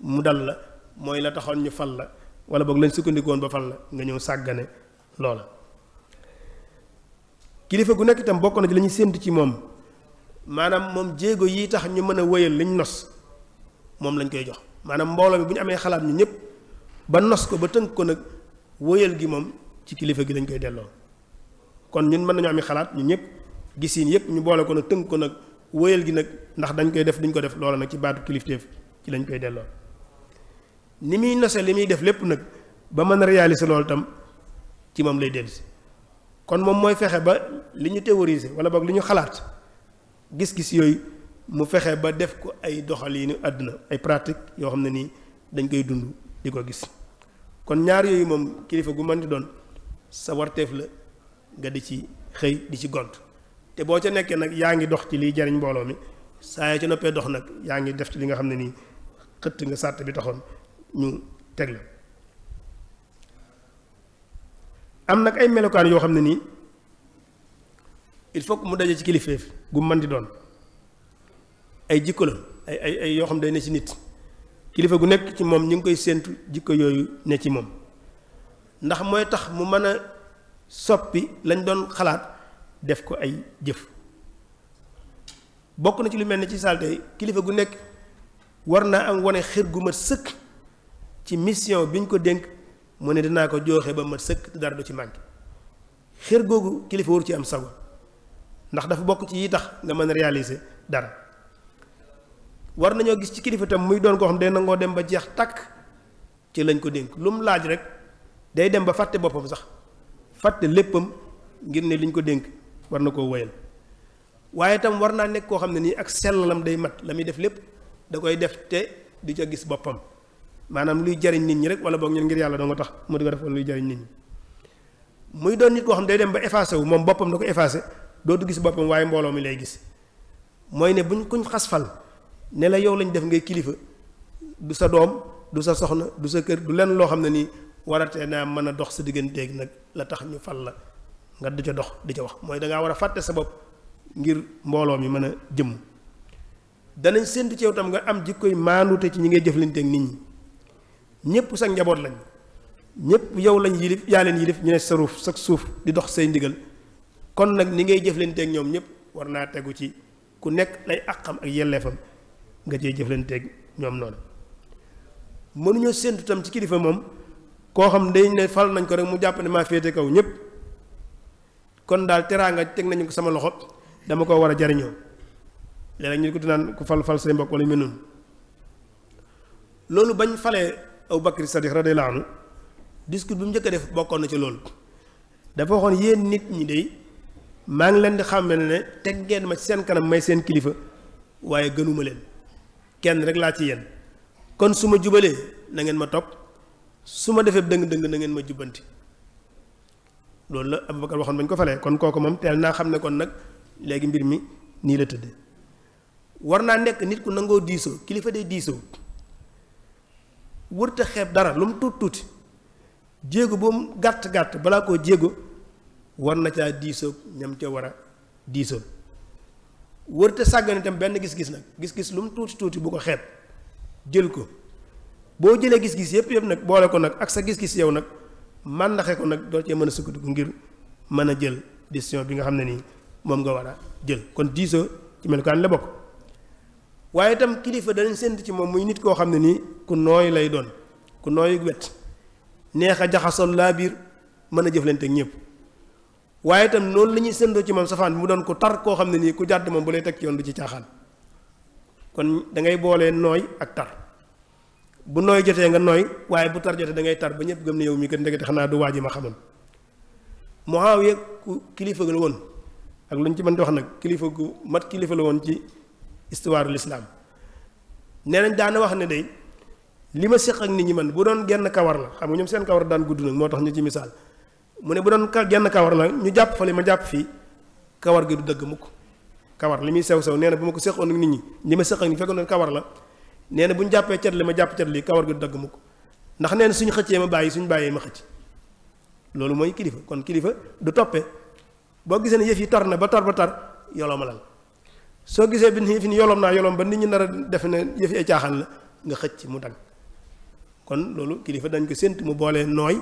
mu dal la mooy la taxoon ñu fal la wala boog lañ sukkandikoon ba fal la nga ñëw sàggane loola kilifa gu nekk itam bokk na ci la ñuy sént ci moom maanaam moom jéego yi tax ñu mën a wéyal liñ nos moom lañ koy jox maanaam mbooloo mi bu ñu amee xalaat ñu ñëpp ba nos ko ba tënk ko nag wéyal gi moom ci kilifa gi lañ koy delloo kon ñun mën nañu ami xalaat ñu ñëpp gis gisiin yëpp ñu boole ko nag tënk ko nag wóyal gi nag ndax dañ koy def duñ ko def loola nag ci baatu kilifteef ci lañ koy delloo ni muy nose li muy def lépp nag ba mën a réaliser loolu tam ci moom lay dellusi kon moom mooy fexe ba li ñu théoriser wala boog li ñu xalaat gis-gis yooyu mu fexe ba def ko ay doxaliinu àdduna ay pratique yoo xam ne nii dañ koy dund di ko gis kon ñaar yooyu moom kilifa gu mën di doon sa warteef la nga di ci xëy di ci gont te boo ca nekkee nag yaa ngi dox ci liy jariñ mbooloo mi saa yoo ca noppee dox nag yaa ngi def ci li nga xam ne nii xëtt nga sàtt bi taxoon ñu teg la am nag ay melokaan yoo xam ne nii il faut mu daje ci kilifeef gu mën di doon ay jikko la ay ay ay yoo xam day ne ci nit kilifa gu nekk ci moom ñu ngi koy séentu jikko yooyu ne ci moom ndax mooy tax mu mën a soppi lañ doon xalaat def ko ay jëf bokk na ci lu mel ni ci salte kilifa gu nekk war naa am wane xiir gu mat sëkk ci mission bi ñu ko dénk mu ne dinaa ko jooxe ba mat sëkk dara du ci manqué xir googu kilifa waru ci am sago ndax dafa bokk ci yi tax nga mën a dara war nañoo gis ci kilifa tam muy doon koo xam de nangoo dem ba jeex tàkk ci lañ ko dénk lu mu laaj rek day dem ba fàtte boppam sax fàtte léppam ngir ne liñ ko dénk war na koo wëyal waaye tam war naa nekk koo xam ne nii ak sellalam day mat la muy def lépp da koy def te di ca gis boppam maanaam luy jariñ nit ñi rek wala boog ñun ngir yàlla doo nga tax mu di ko def luy jariñ nit ñi muy doon nit koo xam day dem ba effacé wu moom boppam da ko effacé dootu gis boppam waaye mbooloo mi lay gis mooy ne buñ kuñ xasfal ne la yow lañ def ngay kilifa du sa doom du sa soxna du sa kër du lenn loo xam ne nii naa dox sa digganteeg nag la tax ñu fal la nga di ca dox di ca wax mooy dangaa war a fàtte sa bopp ngir mbooloo mi mën a jëm danañ séntu ci yow tam nga am jikkoy maanduute ci ñi ngay jëflanteeg nit ñi ñëpp sa njaboot lañ ñëpp yow lañ yilif yaa leen yilif ñu ne sa ruuf sa suuf di dox say ndigal kon nag ni ngay jëflanteeg ñoom ñëpp war naa tegu ci ku nekk lay àqam ak yelleefam nga cee jëflanteeg ñoom noonu mënuñoo séntu tam ci kilifa moom koo xam dañ ne fal nañ ko rek mu jàpp ne maa féete kaw ñëpp. kon dal teranga tek nañu ko sama loxo dama ko wara a jariñoo léeg ñu ko dinaan ku fal fal sey mbok wala minun lolu bañ falé aw bakri sadiq radhiyallahu anhu discours bu mu jëk def bokon na ci loolu dafa waxon yeen nit ñi de ma ngi leen di xàmmel ne tek ngeen ma ci seen kanam may seen kilifa waye gënuma leen kenn rek la ci yeen kon suma jubale na ngeen ma top suma defé defee na ngeen ma jubanti loolu la Aboubacar waxoon bañ ko falee kon kooku moom teel naa xam ne kon nag léegi mbir mi nii la tëdd war naa nekk nit ku nangoo diisoo kilifa dee diisoo wërta xeeb dara lu mu tuuti tuuti jéego bu gàtt gàtt balaa koo jéego war na caa diisoo ñam ca war a diisoo wërta sàggana itam benn gis-gis nag gis-gis lu mu tuuti tuuti bu ko xeeb jël ko boo jëlee gis-gis yëpp yëpp nag boole ko nag ak sa gis-gis yow nag man ko nag doo cee mën a sukkandiku ngir mën a jël décision bi nga xam ne nii moom nga war a jël kon diisoo ci melukaan la bokk waaye itam kilifa danañ sént ci moom muy nit koo xam ne nii ku nooy lay doon ku nooyu wet neex a jaxasoon laa biir mën a jëflante ak ñëpp waaye itam loolu la ñuy séntoo ci moom safaan bi mu doon ku tar koo xam ne nii ku jàdd moom bu lay teg ci yoon du ci caaxaan kon da ngay boolee nooy ak tar bu nooy jotee nga nooy waaye bu tar jotee da ngay tar ba ñëpp gëm ne yow mi gën ndekete xanaa du waa ji ma xamoon Muawiya ku kilifa la woon ak lu ñu ci mën di wax nag kilifa gu mat kilifa la woon ci histoire de l'islam nee nañ wax ne day li ma séq ak nit ñi man doon genn kawar la xam nga ñoom seen kawar daan gudd nag moo tax ñu ci misaal mu ne bu doon genn kawar la ñu jàpp fale ma jàpp fii kawar gi du dëgg mukk kawar li muy sew sew nee bu ma ko séqoon ak nit ñi li ma séq ak ni fekkoon kawar la nee na bu ñu jàppee cat li ma jàpp cat lii kawar gi du dagg mukk ndax neen suñ suñu xëccee ma bàyyi suñu bàyyee ma xëcc loolu mooy kilifa kon kilifa du toppee boo gisee ne yëf yi tar na ba tar ba tar yolomalal soo gisee bi yëf yi yolom naa yolom ba nit ñi nar a def ne yëf yi ay caaxaan la nga xëcc mu dagg kon loolu kilifa dañ ko sént mu boolee nooy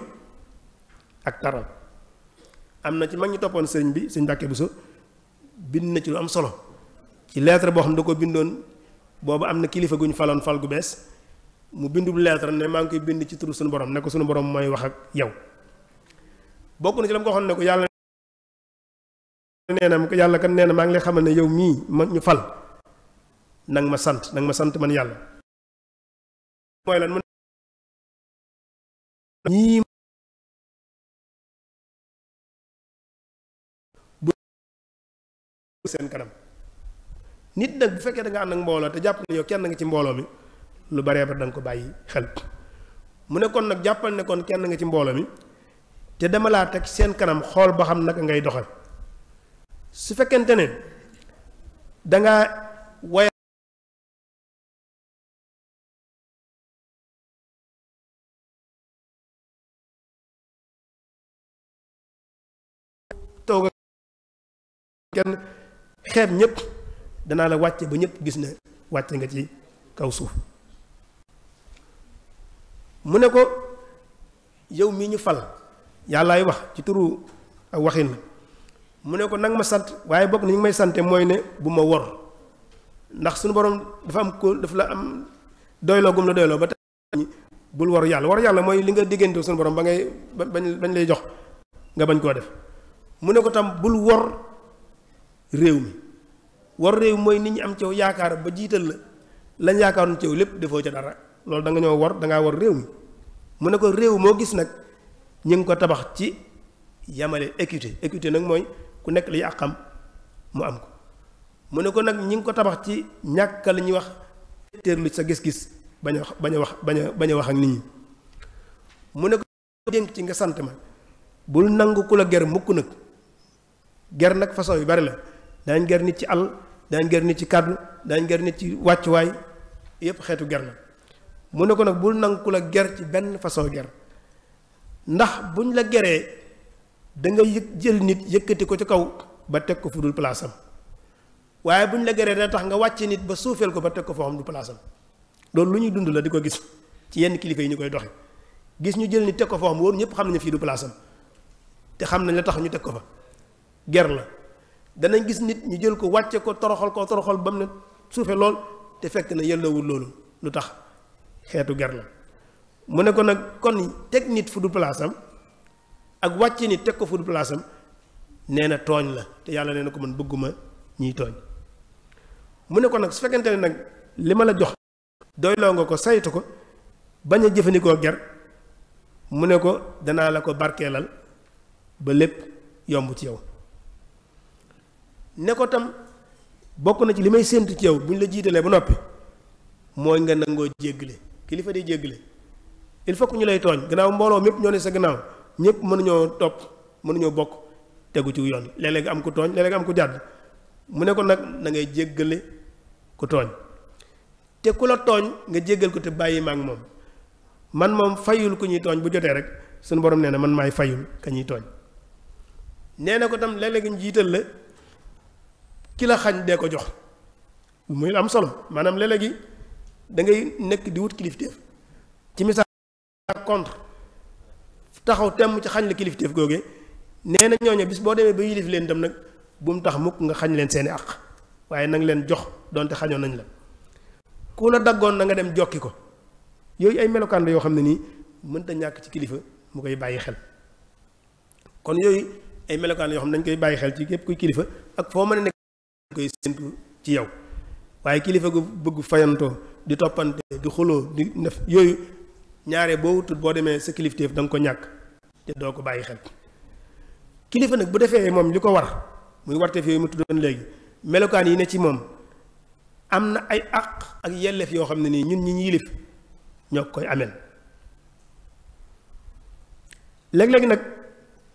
ak taral am na ci mag ñi toppoon sëriñ bi sëriñ Mbàkke Buso bind na ci lu am solo ci lettre boo xam ne da ko bindoon booba am na kilifa gu ñu faloon fal gu bees mu bindu lettre ne maa ngi koy bind ci turu suñu borom nekk ko suñu borom mooy wax ak yow bokk na ci la mu ko waxoon ne ko yàlla nee yàlla kan nee maa ngi lay xamal ne yow mii ma ñu fal nang ma sant nang ma sant man yàlla mooy lan mu kanam nit nag bu fekkee da ànd ak mbooloo te jàpp ne yow kenn nga ci mbooloo mi lu baree ba ko bàyyi xel mu ne nag jàppal ne kon kenn nga ci mbooloo mi te dama laa teg seen kanam xool ba xam naka ngay doxal su fekkente ne danga way toog kenn xeeb ñépp danaa la wàcce ba ñëpp gis ne wàcce nga ci kaw suuf mu ne ko yow mii ñu fal yàllaay wax ci turu ak waxin mu ne ko nag ma sant waaye bokk ni ñu may sante mooy ne bu ma wor ndax suñu borom dafa am ko daf la am doyloo gum la doyloo ba tey bul waru yàlla waru yàlla mooy li nga diggante suñu borom ba ngay bañ bañ lay jox nga bañ koo def mu ne ko tam bul wor réew mi war réew mooy nit ñi am ci yaakaar ba jiital la lañ yaakaaroon ci yow lépp defoo ca dara loolu danga nga ñoo war da war réew mi mu ne ko réew moo gis nag ñu ngi ko tabax ci yamale équité équité nag mooy ku nekk li àqam mu am ko mu ne ko nag ñi ngi ko tabax ci ñàkk la ñuy wax teerlu sa gis-gis bañ wax bañ a wax bañ a bañ a wax ak nit ñi mu ne ko dénk ci nga sant ma bul nangu ku la ger mukk nag ger nag façon yu bari la daañ ger nit ci àll daañ ger nit ci kàddu daañ ger nit ci wàccuwaay yépp xeetu ger la mu ne ko nag bul nangu ku la ger ci benn façon ger ndax buñ la geree da nga yëg jël nit yëkkati ko ci kaw ba teg ko fu dul palaasam waaye buñ la geree da tax nga wàcce nit ba suufeel ko ba teg ko foo xam du palaasam loolu lu ñuy dund la di ko gis ci yenn kilifa yi ñu koy doxe gis ñu jël nit teg ko foo xam wóor ñëpp xam nañu fii du palaasam te xam nañ la tax ñu teg ko fa ger la danañ gis nit ñu jël ko wàcce ko toroxal ko toroxal ba mu ne suufe lool te fekk na yellawul loolu lu tax xeetu ger la mu ne ko nag kon teg nit fu du palaasam ak wàcce nit teg ko fu du palaasam nee na tooñ la te yàlla nee na ko man bëgguma ñiy tooñ mu ne ko nag su fekkente ne nag li ma la jox doyloo nga ko saytu ko bañ a jëfandikoo ger mu ne ko danaa la ko barkeelal ba lépp yomb ci yow ne ko tam bokk na ci li may séentu ci yow bu ñu la jiitalee ba noppi mooy nga nangoo jéggale kilifa day jéggale il faut que ñu lay tooñ gannaaw mbooloo mépp ñoo ne sa gannaaw ñëpp mënuñoo topp mënuñoo bokk tegu ci yoon léeg-léeg am ku tooñ léeg-léeg am ku jàdd mu ne ko nag na ngay ku tooñ te ku la tooñ nga jéggal ko te bàyyi ma moom man moom fayul ku ñuy tooñ bu jotee rek suñu borom nee na man maay fayul ka ñuy tooñ nee na ko tam léeg-léeg jiital la. ki xañ dee ko jox muy am solo maanaam léeg-léegi dangay nekk di wut kilifteef ci misaal contre taxaw temm ci xañ la kilifteef googe nee na ñooñu bis boo demee ba yilif leen dem nag bu tax mukk nga xañ leen seeni àq waaye nag leen jox donte xañoon nañ la ku la daggoon na nga dem jokki ko yooyu ay melokaan la yoo xam ne nii mënta ñàkk ci kilifa mu koy bàyyi xel kon yooyu ay melokaan yoo xam ne dañ koy bàyyi xel ci képp kuy kilifa ak foo mën a nekk koy séntu ci yow waaye kilifa gu bëgg fayantoo di toppante di xuloo di def yooyu ñaaree boo wutut boo demee sa kilifteef da ko ñàkk te doo ko bàyyi xel kilifa nag bu defee moom li ko war muy warteef yooyu mu tuddoon léegi melokaan yi ne ci moom am na ay àq ak yelleef yoo xam ne nii ñun ñi ñu yilif ñoo koy amel léeg-léeg nag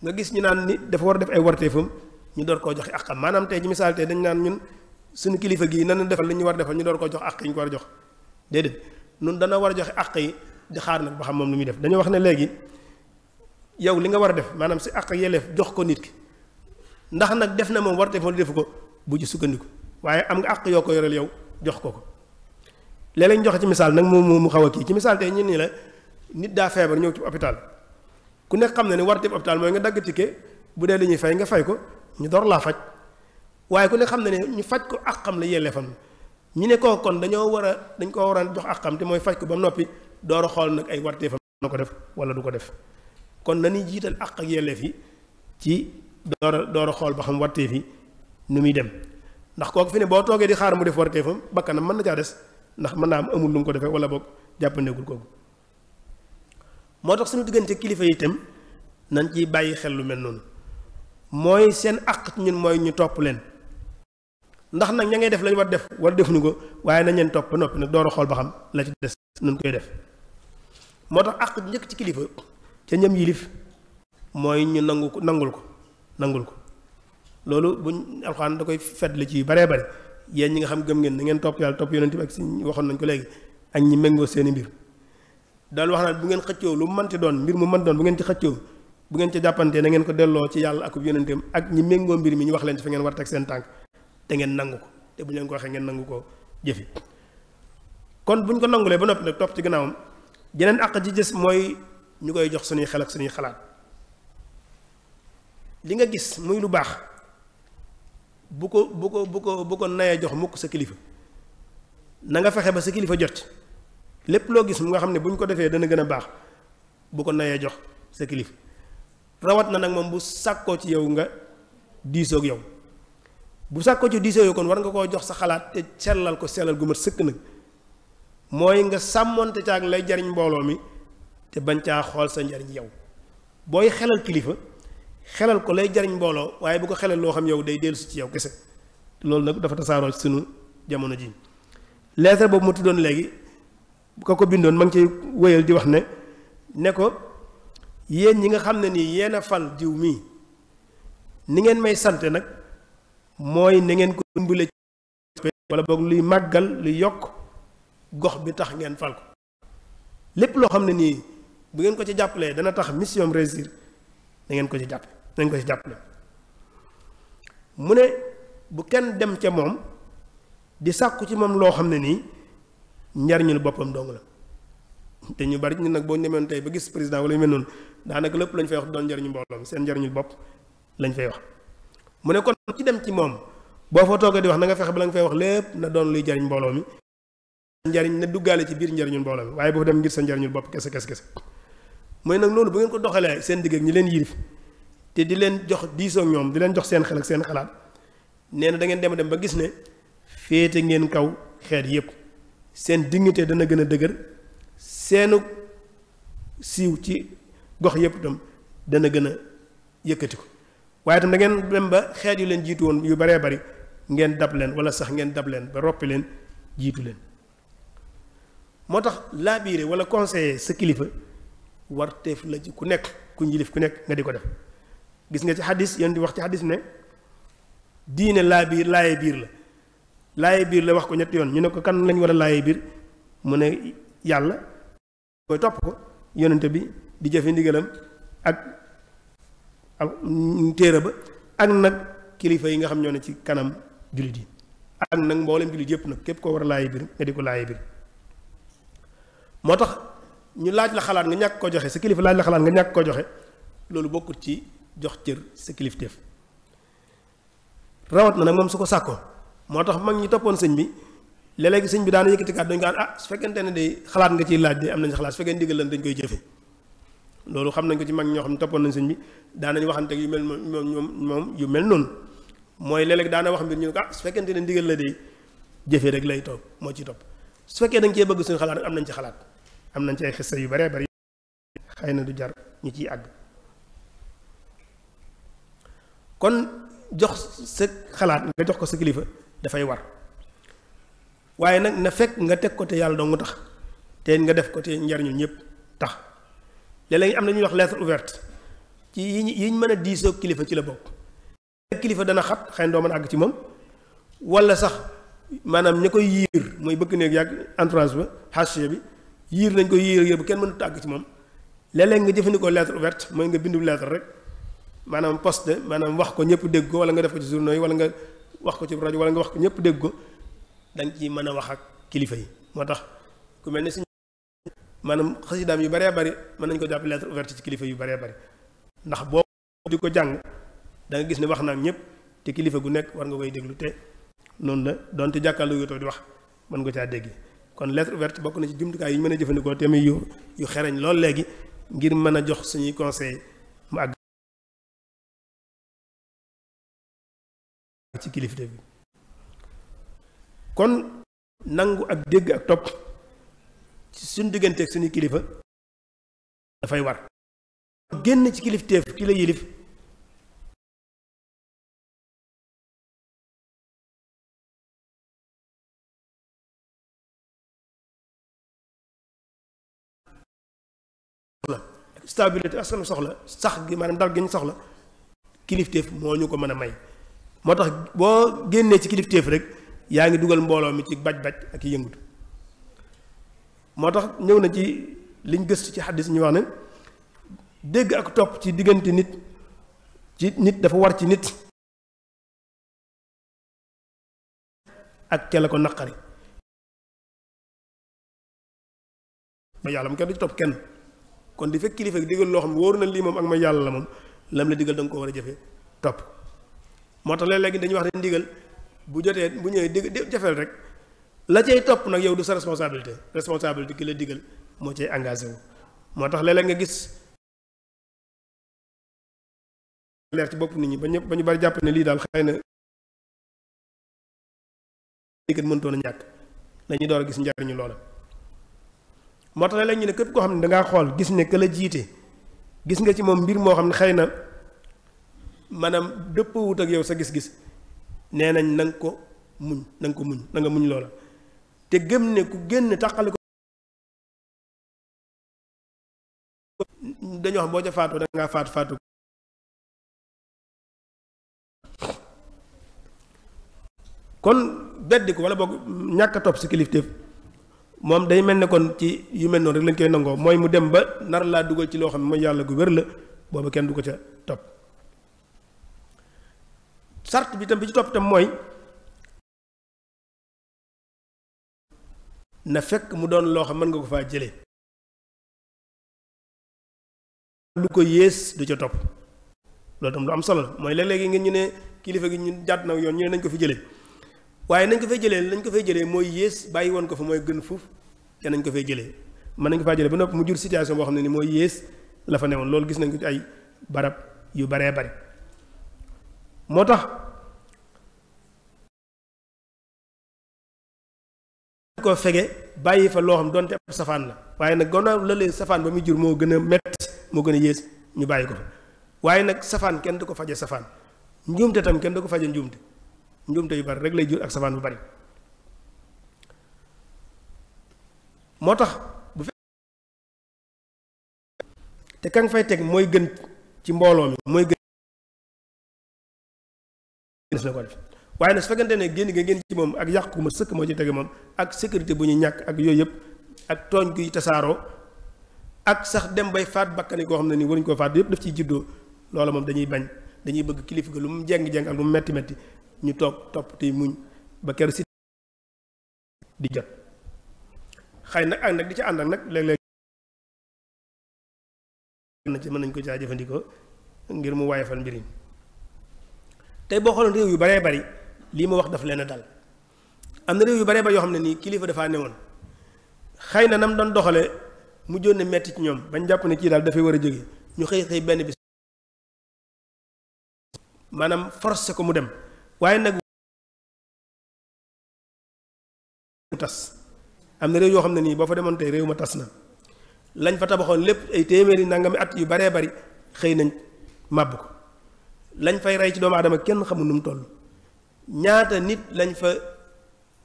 nga gis ñu naan ni dafa war def ay warteefam ñu door koo joxe àqam maanaam tey ji misaal tey dañ naan ñun suñu kilifa gii nan defal li ñu war defal ñu door koo jox àq yi ñu ko war a jox déedéet ñun dana war a joxe àq yi di xaar nag ba xam moom lu muy def wax ne léegi yow li nga war a def maanaam si àq yelleef jox ko nit ki ndax nag def na moom war defu ko bu ci sukkandiku waaye am nga àq yoo ko yoreel yow jox ko ko léeg-léeg ci misaal nag moom mu xaw a kii ci misaal tey ñun ni la nit daa feebar ñëw ci hôpital ku nekk xam na ne war te hôpital mooy nga dagg ticket bu dee li ñuy fay nga fay ko ñu dor la faj waye ku ne xam na ne ñu faj ko akam la fam ñi ne ko kon dañu wara dañ ko wara dox akam te moy faj ko bam nopi door xol nak ay warte fam nako def wala du ko def kon nañuy jital ak ak yelleef fi ci door a xol ba xam warte fi nu mi dem ndax kooku fi ne bo toge di xaar mu def warte fam bakana man na ca dess ndax man na am amul lu ko def wala bok jàppandegul kooku motax suñu diggante kilifa yi itam nañ ci bàyyi xel lu mel noonu mooy seen àq ñun mooy ñu topp leen ndax nag ña ngee def lañu war def wala defuñu ko waaye nañ leen topp ba noppi nag door xool ba xam la ci des nañ koy def moo tax àq njëkk ci kilifa ca ñam yilif mooy ñu nangu ko nangul ko nangul ko ñu buñ alxaan da koy fetli ci baree bare yéen ñi nga xam gëm ngeen na ngeen topp yàlla topp yonent bi ak si waxoon nañ ko léegi ak ñi méngoo seeni mbir daal wax naa bu ngeen xëccoo lu mu mënti doon mbir mu mënti doon bu ngeen ci xëccoo bu ngeen ci jàppante na ngeen ko delloo ci yàlla ak yonentem ak ñi méngoo mbir mi ñu wax leen ci fa ngeen war teg seen tànk te ngeen nangu ko te bu ngeen ko waxee ngeen nangu ko jëfi kon buñ ko nangulee ba noppi nag topp ci gannaawam jeneen àq ji gis mooy ñu koy jox suñuy xel ak suñuy xalaat li nga gis muy lu baax bu ko bu ko bu ko bu ko naye jox mukk sa kilifa na nga fexe ba sa kilifa jot lépp loo gis mu nga xam ne ko defee dana gën a baax bu ko naye jox sa kilifa rawat na nag moom bu sàkkoo ci yow nga diisoo ak yow bu sàkkoo ci diisoo yow kon war nga koo jox sa xalaat te sellal ko sellal gu mat sëkk nag mooy nga sàmmoonte caag lay jariñ mbooloo mi te bañ caa xool sa njariñ yow booy xelal kilifa xelal ko lay jariñ mbooloo waaye bu ko xelal loo xam yow day dellusi ci yow kese loolu nag dafa tasaaroo ci sunu jamono ji lettre boobu mu tuddoon léegi ko ko bindoon ma ngi ciy wéyal di wax ne ne ko yéen ñi nga xam ne nii yéen a fal jiw mii ni ngeen may sant nag mooy na ngeen ko dimbale ci wala boog luy màggal luy yokk gox bi tax ngeen fal ko lépp loo xam ne nii bu ngeen ko ci jàppalee dana tax mission réussir na ngeen ko ci jàpp na ngeen jàppale mu ne bu kenn dem ca moom di sàkku ci moom loo xam ne nii njariñul boppam dong la te ñu bari ñu nag boo demoon tey ba gis président wala yu mel noonu daanaka lépp lañ fay wax doon njëriñu mbooloo mi seen njëriñu bopp lañ fay wax mu ne kon ci dem ci moom boo fa toogee di wax na nga fexe ba la nga fay wax lépp na doon luy jariñ mbooloo mi njariñ ne duggaale ci biir njariñul mbooloo mi waaye boo dem ngir sa njariñul bopp kese kese kese mooy nag loolu bu ngeen ko doxalee seen digg ak ñi leen yilif te di leen jox diisoo ñoom di leen jox seen xel seen xalaat nee na da ngeen dem dem ba gis ne féete ngeen kaw xeet yépp seen dignité dana gën a dëgër ci gox yëpp tam dana gën a yëkkati ko waaye tam da ngeen dem ba xeet yu leen jiitu woon yu baree bari ngeen dab leen wala sax ngeen dab leen ba roppi leen jiitu leen moo tax laabiire wala conseiller sa kilifa war warteef la ci ku nekk ku njilif ku nekk nga di ko def gis nga ci xadis yéen di wax ci xadis ne diine laa biir biir la laaye biir la wax ko ñetti yoon ñu ne ko kan lañ war a laaye biir mu ne yàlla koy topp ko yonente bi di jëfe ndigalam ak téere ba ak nag kilifa yi nga xam ñoo ne ci kanam jullit yi ak nag mboolem jullit yëpp nag képp koo war a laaj biir nga di ko laaj biir moo tax ñu laaj la xalaat nga ñàkk koo joxe sa kilifa laaj la xalaat nga ñàkk koo joxe loolu bokkut ci jox cër sa kilifteef rawat na nag moom su ko sàkkoo moo tax mag ñi toppoon sëñ bi léeg-léegi sëñ bi daana yëkkati kaat dañu ko ah su fekkente ne xalaat nga ciy laaj de am nañ xalaat su fekkee ndigal lan dañ koy jëfe loolu xam nañ ko ci mag ñoo xam ne toppoon nañ sëñ bi daanañ waxante yu mel moom ñoom moom yu mel noonu mooy léeg-léeg daana wax mbir ñu ne ko ah su fekkente ne ndigal la de jëfee rek lay toog moo ci topp su fekkee da nga cee bëgg suñu xalaat am nañ ci xalaat am nañ ci ay xista yu baree bari xëy na du jar ñu ciy àgg kon jox sa xalaat nga jox ko sa kilifa dafay war waaye nag na fekk nga teg ko te yàlla dong tax te nga def ko te njariñu ñëpp tax léeg-léeg am na ñuy wax lettre ouverte ci yiñ yiñ mën a diisoo kilifa ci la bokk kilifa dana xat xëy na doo mën a ci moom wala sax maanaam ña koy mooy bëgg néeg yàgg entourage ba xaashe bi yiir nañ ko yiir yër kenn mënut a àgg ci moom léeg nga jëfandikoo lettre ouverte mooy nga bindu lettre rek maanaam poste maanaam wax ko ñëpp dégg ko wala nga def ko ci journaux wala nga wax ko ci rajo wala nga wax ko ñëpp dégg ko da nga ciy mën a wax ak kilifa yi moo tax ku mel ne maanaam xasidaam yu baree bari mën nañ ko jàpp lettre ouverte ci kilifa yu baree bari ndax boo di ko jàng da gis ne wax naam ñëpp te kilifa gu nekk war nga koy déglu te noonu la donte jàkkaarloo yotoo di wax mën nga caa dégg kon lettre ouverte bokk na ci jumtukaay yi ñu mën a jëfandikoo te yu yu xereñ lool léegi ngir mën a jox suñuy conseil mu àgg ci kilifate bi kon nangu ak dégg ak topp ci suñu digganteeg suñu kilifa dafay war génn ci kilifteef ki la yilif soxla stabilité soxla sax gi maanaam dal gi ñu soxla kilifteef moo ñu ko mën a may moo tax boo génnee ci kilifteef rek yaa ngi dugal mbooloo mi ci baj-baj ak yëngutu moo tax ñëw na ci liñ gëstu ci xaddis ñu wax ne dégg ak topp ci diggante nit ci nit dafa war ci nit ak ca la ko naqari ma yàlla mu kenn kon di fekk kilifa digal loo xam ne lii moom ak ma yàlla la moom lam la digal da ko war a jëfee topp moo tax léeg-léegi dañuy wax ne ndigal bu jotee bu ñëwee dégg jafeel rek la cey top nak yow du sa responsabilité responsabilité ki la digal mo cey engagé wu motax nga gis leer ci bop nit ñi ba ñëpp ba bari japp ne li dal na mën tona ñak lañu door gis njariñu loola moo tax léeg-léeg ñu ne kepp ko da nga xol gis ne ka la gis nga ci mom mbir mo xam ne manam depp wut ak yow sa gis-gis nenañ nang ko muñ nang ko muñ nga muñ loola te gëm ne ku génn taqali ko dañoo xam boo ca faatoo da ngaa faatu faatu kon beddi ko wala boog ñàkk topp si kilifteef moom day mel ne kon ci yu mel noonu rek lañ koy nangoo mooy mu dem ba nar laa dugal ci loo xam mooy yàlla gu wér la booba kenn du ko ca topp sart bi tam bi ci topp tam mooy na fekk mu doon loo xam ko faa jëlee lu ko yées du ca topp loolu tam lu am solo la mooy léeg-léegi ngeen ñu ne kilifa gi ñun jàdd na yoon ñu ne nañ ko fi jëlee waaye nañ ko fay jëlee lañ ko fay jëlee mooy yées bàyyi woon ko fa mooy gën fuuf te nañ ko fay jëlee mën nañ ko faa jëlee ba noppi mu jur situation boo xam ne ni mooy yées la fa newoon loolu gis nañ ko ci ay barab yu baree bari moo tax koo fege bàyyi fa loo xam donte ab safaan la waaye nag gannaaw la lee safaan ba muy jur moo gën a metti moo gën a yées ñu bàyyi ko fa waaye nag safaan kenn du ko faje safaan njuumte tam kenn du ko faje njuumte njuumte yu bari rek lay jur ak safaan bu bari moo tax bu fekkee te ka fay teg mooy gën ci mbooloo mi mooy gën waaye nag su fekkente ne génn nga génn ci moom ak yàqu ma sëkk moo ci tege moom ak sécurité bu ñu ñàkk ak yooyu yëpp ak tooñ guy tasaaroo ak sax dem bay faat bakkani koo xam ne nii waruñu koo faat yëpp daf ciy juddoo loola moom dañuy bañ dañuy bëgg kilifa ga lu mu jeng-jeng ak lu mu metti metti ñu toog topp tey muñ ba keru di jot xëy nag ak nag di ci ànd ak nag léeg-léeg na ci mën nañ ko caa jëfandikoo ngir mu waayefal mbir yi tey boo xooloon yu baree bari lii ma wax daf leen a am na réew yu bare yoo xam ne nii kilifa dafaa newoon xëy na nam doon doxale mu jónne metti ci ñoom bañ jàpp ne kii daal dafay war a jóge ñu xëy xëy benn bis maanaam forcé ko mu dem waaye nag mu tas am na yoo xam ne nii boo fa demoon tey réew ma tas na lañ fa lépp ay téeméeri nangami at yu baree bari xëy nañ màbb lañ fay rey ci doomu aadama kenn xamul nu mu toll ñaata nit lañ fa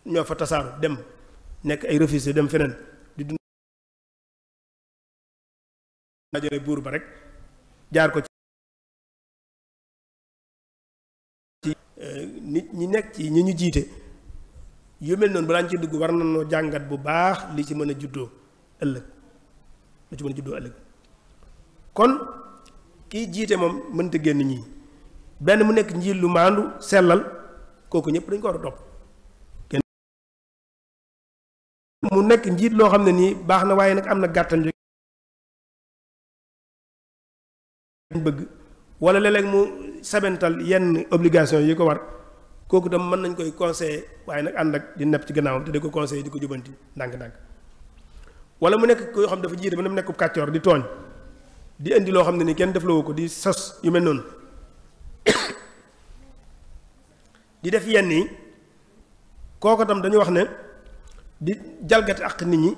ñoo fa tasaaru dem nekk ay refusé dem feneen di dund ajore buur ba rek jaar ko ci euh, nit ñi nekk ci ñi ñu jiite yu mel noonu balaa ci dugg war na noo jàngat bu baax li ci mën a juddoo ëllëg li ci mën a juddoo ëllëg kon kii jiite moom mënta génn ñii benn mu nekk njiit lu maandu sellal koku ñep dañ ko war a topp mu nek njit lo xamne ni baxna waye nak amna nag am ju bëgg wala léeg mu sabental yenn obligation yi ko war koku dam man nañ koy conseiller waye nak andak di nepp ci gannaawam te diko conseiller diko jubanti ndànk-ndànk wala mu nek koo xam dafa jiir manam nekku katchor di togn di indi lo xamne ni kenn def lo ko di sos yu mel non di def yenn yi kooku tam dañu wax ne di jalgat ak nit ñi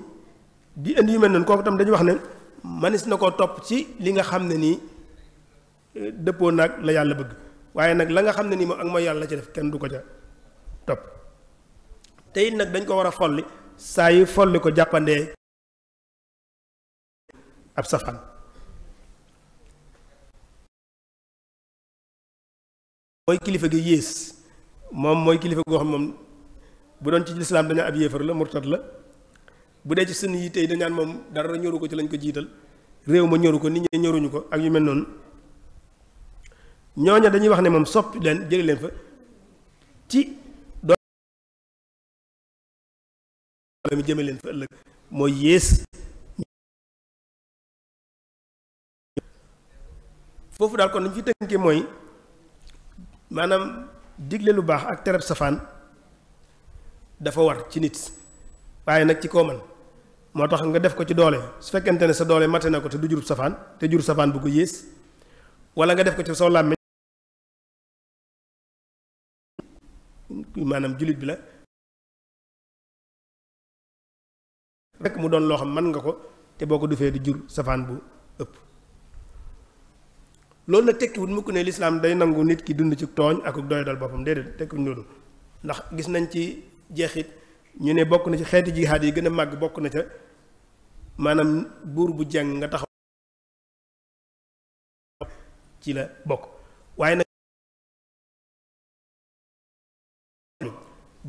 di andi yu mel noonu koko tam dañu wax ne manis na ko topp ci li nga xam ne nii eh, dëppoo naag la yàlla bëgg waaye nag la nga xam ne nii moom ak mooy yàlla ci def kenn du ko ca topp te it nag dañ ko war a folli saa yi folli ko jàppandee ab safan mooy kilifa gi yées moom mooy kilifa goo xam moom bu doon ci lislaam dañu ab yéefar la murtad la bu dee ci sunu yi tey dañaan moom dara ñoru ko ci lañ ko jiital réew ma ñoru ko nit ñi ñoruñu ko ak yu mel noonu ñooña dañuy wax ne moom soppi leen jëli leen fa ci doole mi jëme leen fa ëllëg mooy yées foofu daal kon li ñu tënkee mooy maanaam digle lu baax ak tereb safaan dafa war ci nit waaye nag ci koo man spek tax nga def ko ci doole su fekkente ne sa doole mate na ko te du jurub safaan te jurub safaan bu ko yées wala nga def ko ci julit bi la rek mu xam man nga ko te boo ko dufee di jur bu ëpp loolu la tekkiwut mukk ne lislaam day nangu nit ki dund ci tooñ ak doy dal boppam déedéet tekkiwut loolu ndax gis nañ ci jeexit ñu ne bokk na ci xeeti jihaad yi gën a màgg bokk na ca maanaam buur bu jeng nga tax ci la bokk waaye nag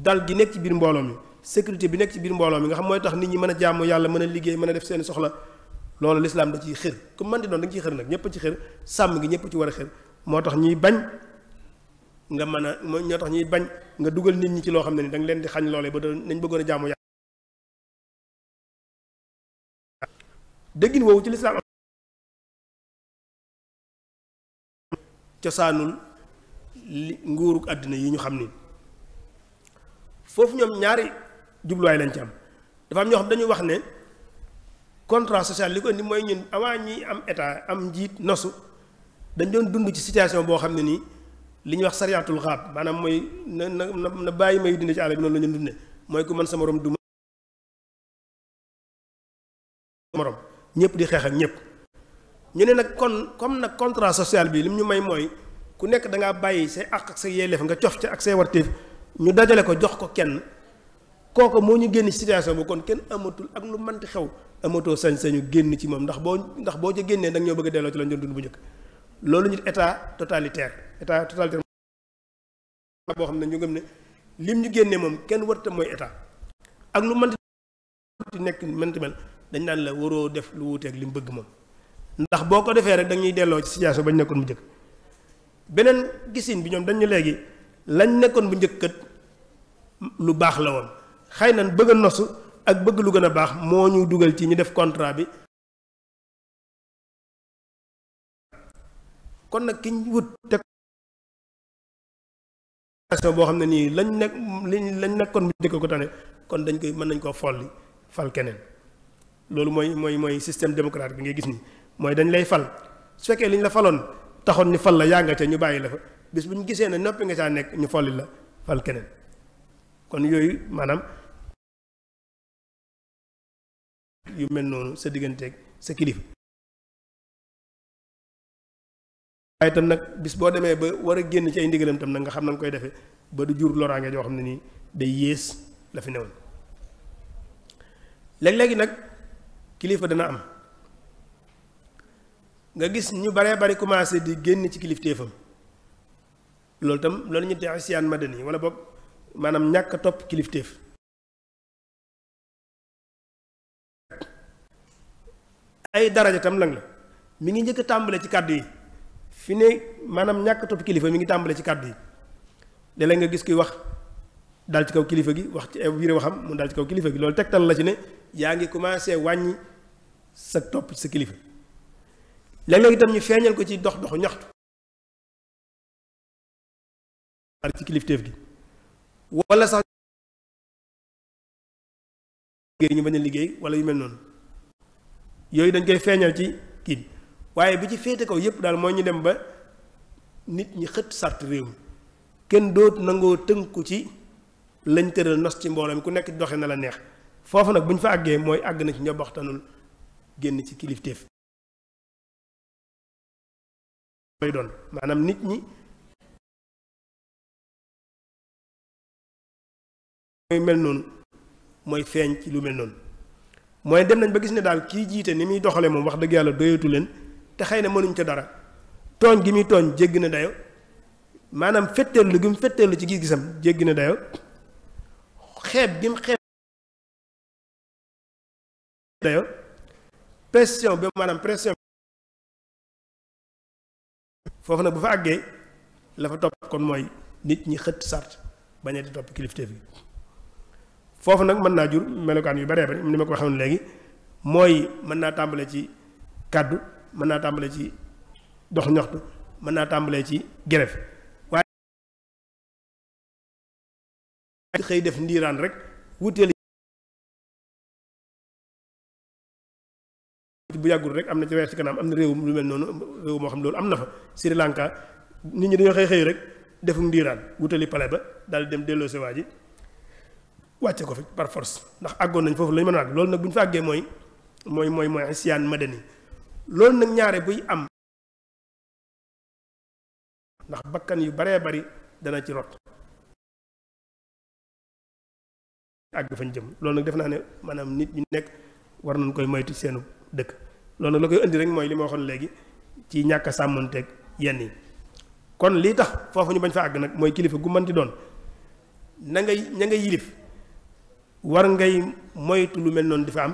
dal gi nekk ci biir mbooloo mi bi nekk ci biir mbooloo mi nga xam mooy tax nit mën a yàlla mën a liggéey mën a def seen soxla loolu lislaam da ciy xër comme man doon da nga ciy xër nag ñëpp sàmm gi ñëpp ci war a xër moo tax ñuy bañ nga mën a ñoo tax ñuy bañ nga dugal nit ñi ci loo xam ne ni da nga leen di xañ loolee ba nañ bëggoon a jaamu yàlla dëggin woowu ci lislaam cosaanul li nguuruk àddina yi ñu xam ni foofu ñoom ñaari jubluwaay lañ ci am dafa am ñoo xam dañuy wax ne contrat social li ko ni mooy ñun avant ñi am état am njiit nosu dañ doon dund ci situation boo xam ne nii li ñuy wax sariyatul xaab maanaam mooy na na na bàyyi may dund ci àll bi noonu la ñu dunde mooy ku man sa moroom du morom ñëpp di xeex ak ñëpp ñu ne nag kon comme nag contrat social bi li ñu may mooy ku nekk da ngaa bàyyi say àq ak say yelleef nga cof ca ak say warteef ñu dajale ko jox ko kenn kooka moo ñu génn ci situation bu kon kenn amatul ak lu manti xew amatoo sañ-sañu génn ci moom ndax boo ndax boo ci génnee da ñoo bëgg a delloo ci lañ doon dund bu njëkk loolu ñu état totalitaire état totalitaire boo xam ne ñu gëm ne lim ñu génnee moom kenn warta mooy état ak lu manti nekk manti mel dañ naan la waroo def lu wuuteeg li mu bëgg moom ndax boo ko defee rek ñuy delloo ci situation bañ nekkoon bu njëkk beneen gisin bi ñoom dañu léegi lañ nekkoon bu njëkk kat lu baax la woon xëy na bëgg a nosu ak bëgg lu gën a baax moo ñu dugal ci ñu def contrat bi. kon nag kiñ ñu wut te boo xam ne nii lañ nekk lañ nekkoon mu jëkk ko tane kon dañ koy mën nañ koo folli fal keneen loolu mooy mooy mooy système démocratique bi ngay gis ni mooy dañ lay fal su fekkee liñ la faloon taxoon ñu fal la yaa ca ñu bàyyi la fa bis bu ñu gisee ne noppi nga caa nekk ñu folli la fal keneen kon yooyu maanaam yu mel noonu sa digganteeg sa kilifa. waaye itam nag bis boo demee ba war a génn ci ay ndigalam tam nag nga xam nañ koy defee ba du jur loraange joo xam ne nii day yées la fi newoon léeg-léegi nag kilifa dana am nga gis ñu baree bari commencé di génn ci kilifteefam loolu tam loolu ñu te isyaan madani wala boog maanaam ñàkk topp kilifteef ay daraja tam lang la mi ngi ñëk tambalé ci kaddu fi ne manam ñak top kilifa mi ngi tambalé ci kaddu de la nga gis kuy wax dal ci kaw kilifa gi wax ci wiré waxam mu dal ci kaw kilifa gi loolu tan la ci ne yaa ngi commencé wañi sa top sa kilifa la nga itam ñu feñal ko ci dox doxu ñaxtu ci gi wala sax ñu bañ liggéey wala yu mel noonu yooyu dañ koy feeñal ci kii waaye bi ci féete ko yépp daal mooy ñu dem ba nit ñi xët sart réew mi kenn dootu nangoo tënku ci lañ tëral nos ci mbooloo mi ku nekk doxe na la neex foofu nag buñ fa àggee mooy àgg na ci njobaxtanul génn ci kilifteef mooy doon maanaam nit ñi mooy mel noonu mooy feeñ ci lu mel noonu mooy dem nañ ba gis ne daal kii jiite ni muy doxale moom wax dëgg yàlla doyatu leen te xëy na mënuñ ca dara tooñ gi muy tooñ jéggi na dayo maanaam fetteelu gi mu fetteelu ci gis-gisam jéggi na dayo xeeb gi mu xeeb dayo pression bi maanaam pression foofu nag bu fa àggee la fa topp kon mooy nit ñi xët sart bañ a di topp kilifteef gi foofu nag mën naa jur melokaan yu baree bari ni ma ko waxoon léegi mooy mën naa tàmbale ci kàddu mën naa tàmbale ci dox ñoxtu mën naa tàmbale ci grève waaye xëy def ndiiraan rek wuteel bu yàggul rek am na ci weer kanam am na réew lu noonu réew moo xam loolu am na fa Sri Lanka nit ñi dañoo xëy xëy rek defum ndiiraan wutali pale ba daal dem delloo si waa wàcce ko fi par force ndax àggoon nañ foofu la ñu mën a àgg loolu nag bu ñu fa àggee mooy mooy mooy mooy isyaan madani loolu nag ñaare buy am ndax bakkan yu baree bari dana ci rot àgg fañ jëm loolu nag def naa ne maanaam nit ñu nekk war nañ koy moytu seenu dëkk loolu nag la koy indi rek mooy li ma waxoon léegi ci ñàkka a sàmmanteeg yenn yi kon lii tax foofu ñu bañ fa àgg nag mooy kilifa gu mën di doon na ngay yilif war ngay moytu lu mel noonu dafa am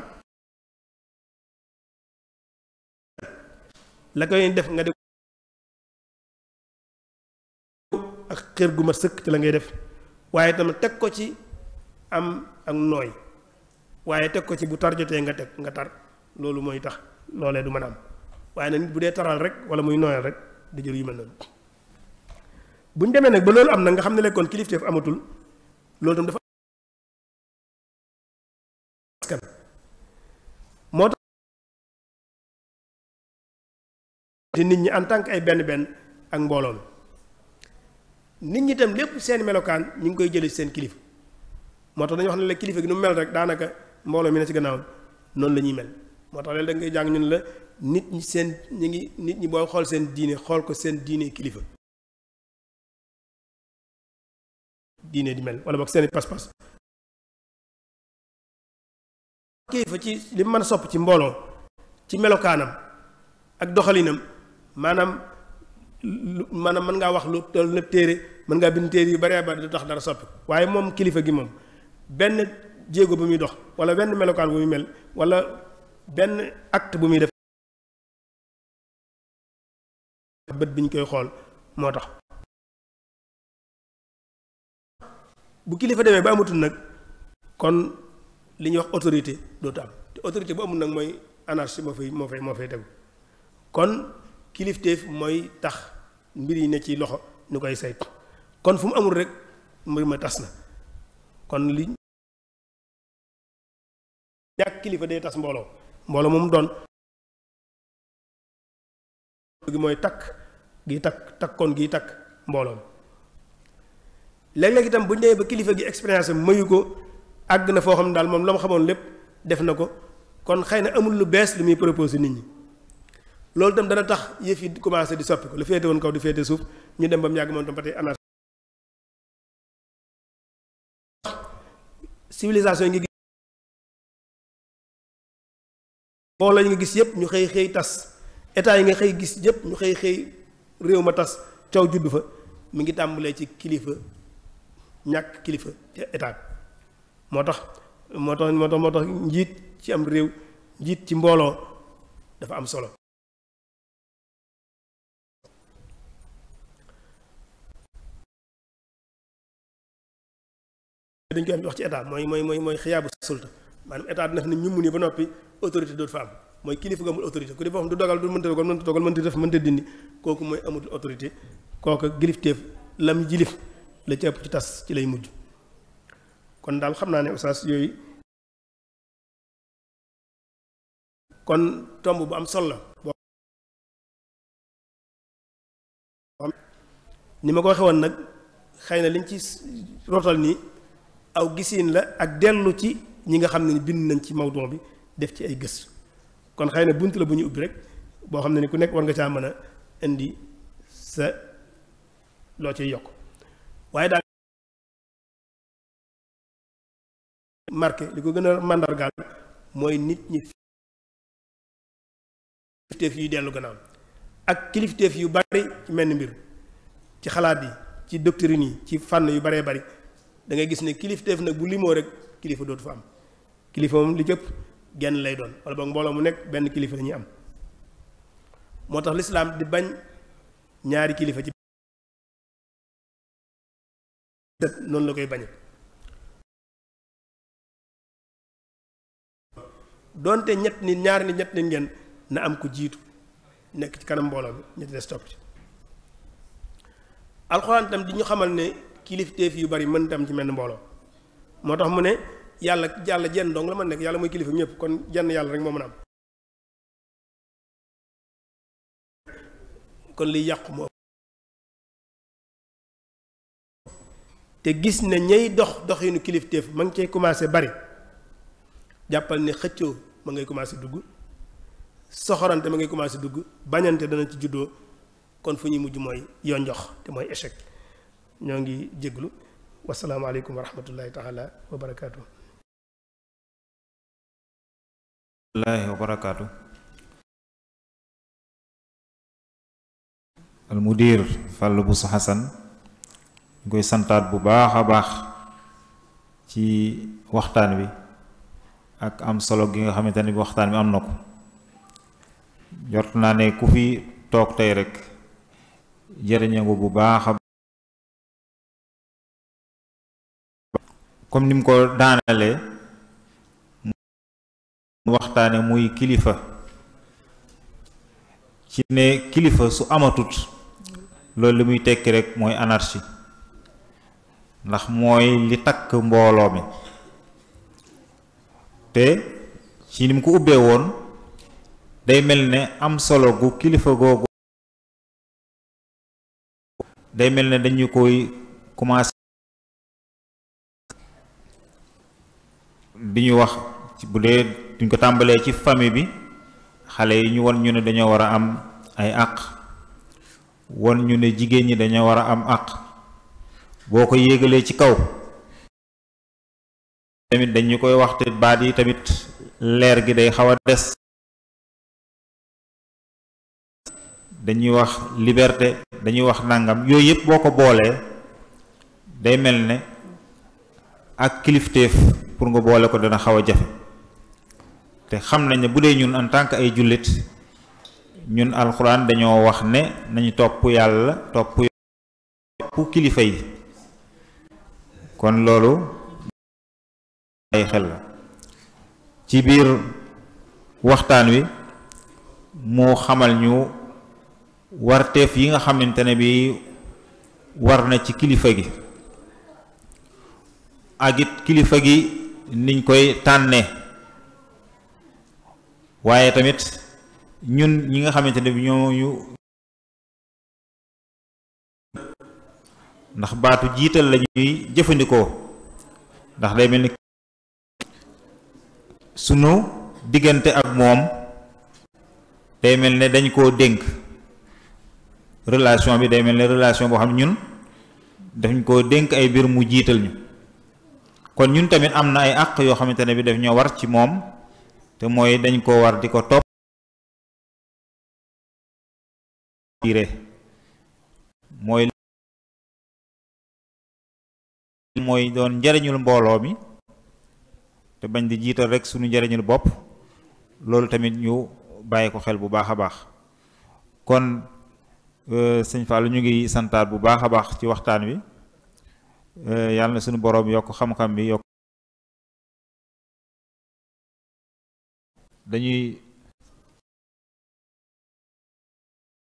la koy def nga def ak gu ma sëkk ci la ngay def waaye itam teg ko ci am ak nooy waaye teg ko ci bu tar jotee nga teg nga tar loolu mooy tax loolee du mën am waaye nag nit bu dee taral rek wala muy nooyal rek di yi yu mel noonu bu ñu demee nag ba loolu am na nga xam ne lekkoon kilifteef amatul loolu tam dafa moo tax nit ñi en tant ay benn benn ak mbooloo nit ñi itam lépp seen melokaan ñu ngi koy jëlee ci seen kilifa moo tax dañu wax ne la kilifa gi nu mel rek daanaka mbooloo mi ne ci gannaawam noonu la ñuy mel moo tax léegi da ngay jàng ñun la nit ñi seen ñi ngi nit ñi booy xool seen diine xool ko seen diine kilifa. diine di mel wala boog seen i pas kilifa ci li mu mën a sopp ci mbooloo ci melokaanam ak doxalinam maanaam maanaam mën ngaa wax lu toll na téere mën ngaa bind téere yu baree bari du tax dara soppi waaye moom kilifa gi moom benn jéego bu muy dox wala wenn melokaan bu muy mel wala benn acte bu muy def bët ñu koy xool moo tax kilifa demee ba amatul nag li ñuy wax autorité dootu am te autorité bu amul nag mooy anarchie moo fay moo fay moo fay tegu kon kilifteef mooy tax mbir yi ne ci loxo ñu koy saytu kon fu mu amul rek mbir ma tas na kon li ñàkk kilifa day tas mbooloo mbooloo moom doon gi mooy takk gi takk takkoon gi takk mbooloo léeg-léeg itam bu ñu ba kilifa gi expérience mayu ko àgg na foo xam ne daal moom la mu xamoon lépp def na ko kon xëy na amul lu bees lu muy proposé nit ñi loolu itam dana tax yëf yi commencé di soppi ko lu woon kaw di féete suuf ñu dem ba mu yàgg moom tam ba tey anarchie civilisation gis mbooloo nga gis yëpp ñu xëy xëy tas état yi nga xëy gis yëpp ñu xëy xëy réew ma tas coow juddu fa mu ngi tàmbalee ci kilifa ñàkk kilifa état moo tax moo tax moo tax njiit ci am réew njiit ci mbooloo dafa am solo dañ am wax ci état mooy mooy mooy mooy xiyaabu sulta maanaam état dina fi ne ñu mu ba noppi autorité dootu fa am mooy kilifa nga amul autorité ku di foo xam du dogal du mënta dogal mënta dogal mënta kooku mooy amatul autorité kooku gilifteef lam jilif la ci ci tas ci lay mujj kon daal xam naa ne oustaz yooyu kon tomb bu am sol la ni ma ko waxee woon nag xëy na liñ ci rotal ni aw gisiin la ak dellu ci ñi nga xam ne bind nañ ci mawdon bi def ci ay gëstu kon xëy na bunt la bu ñu ubbi rek boo xam ne ni ku nekk war nga caa mën a indi sa loo ciy yokk waaye daal marqué li ko gën a mandargaal mooy nit ñi kilifteef yuy dellu gannaaw ak kilifteef yu bari ci menn mbir ci xalaat yi ci doctrine yi ci fànn yu baree bari da ngay gis ne kilifteef nag bu limoo rek kilifa dootu fa am kilifa moom li cëpp genn lay doon wala boog mbooloo mu nekk benn kilifa la ñuy am moo tax lislaam di bañ ñaari kilifa ci noonu la koy bañe donte ñett nit ñaari nit ñett nit ngeen na am ku jiitu nekk ci kanam mbooloo bi ñu des topp ci alxuraan itam di ñu xamal ne kilifteef yu bari mën tam ci mel mbooloo moo tax mu ne yàlla jàll jenn dong la mën nekk yàlla mooy kilifa ñëpp kon jenn yàlla rek moo mën a am kon liy yàqu moo te gis ne ñay dox doxinu kilifteef ma ngi cay commencé bari jàppal ne xëccoo ma ngay commencé dugg soxorante ma ngay commencé dugg bañante dana ci juddoo kon fu ñuy mujj mooy jox te mooy échec ñoo ngi jéglu alaykum wa rahmatullahi taala wa barakaatu الله وبركاته المدير فالو بو حسن ngoy santat bu baaxa baax ci ak am solo gi nga xamante ne bi waxtaan bi am na ko jot naa ne ku fi toog tey rek jëriñangu bu baax a comme ni mu ko daanalee mu waxtaane muy kilifa ci ne kilifa su amatut loolu li muy tekki rekk mooy anarchie ndax mooy li takk mbooloo mi te ci ni mu ko ubbee woon day mel ne am solo gu kilifa googu day mel ne dañu koy commencé di ñu wax bu dee duñ ko tàmbalee ci famille bi xale yi ñu won ñu ne dañoo war a am ay àq won ñu ne jigéen ñi dañoo war a am àq boo ko yéegalee ci kaw tamit dañu koy waxte baat yi tamit leer gi day xaw a des dañuy wax liberté dañuy wax ndàngam yooyu yëpp boo ko boolee day mel ne ak kilifteef pour nga boole ko dana xaw a jafe te xam nañ ne bu dee ñun en tant que ay jullit ñun alxuraan dañoo wax ne nañu topp yàlla topp topp kilifa yi kon loolu ay xel la ci biir waxtaan wi moo xamal ñu warteef yi nga xamante ne bi war na ci kilifa gi ak kilifa gi niñ koy tànne waaye tamit ñun ñi nga xamante ne bi ñoo ndax baatu jiital la jëfandikoo ndax day mel ni sunu diggante ak moom day mel ne dañ koo dénk relation bi day mel ne relation boo xam ñun dañ ko dénk ay mbir mu jiital ñu kon ñun tamit am na ay àq yoo xamante ne bi daf ñoo war ci moom te mooy dañ koo war di ko topp mooy mooy doon njariñul mbooloo mi te bañ di jiital rek suñu njëriñul bopp loolu tamit ñu bàyyi ko xel bu baax a baax kon sëñ Fallou ñu ngi santaat bu baax a baax ci waxtaan wi yàlla na suñu borom yokk xam-xam bi yokk dañuy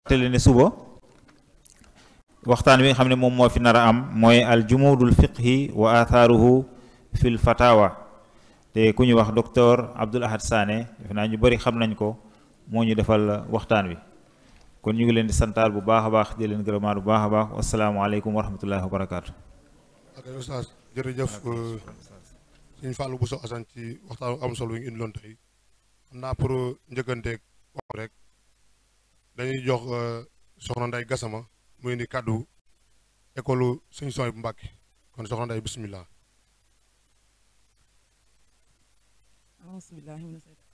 tele ne suba waxtaan wi nga xam ne moom moo fi nar a am mooy al jumudul fiqhi wa athaaruhu fil fatawa te ku ñu wax docteur Abdoul Ahad Sané def naa ñu bari xam nañ ko moo ñu defal waxtaan wi kon ñu ngi leen di santaal bu baax a baax di leen gërëmaat bu baax a baax asalaamaaleykum wa rahmatullahi wa barakaatu. ak Oustaz jërëjëf euh, sëñ ci waxtaan am solo yi ngi indi loon tey xam naa pour euh, njëkkanteeg wax rek dañuy jox euh, soxna Ndeye Gassama muy indi kàddu école suñu sooy bu Mbàkke kon soxna Ndeye bisimilah. aousubillahi mina seytaan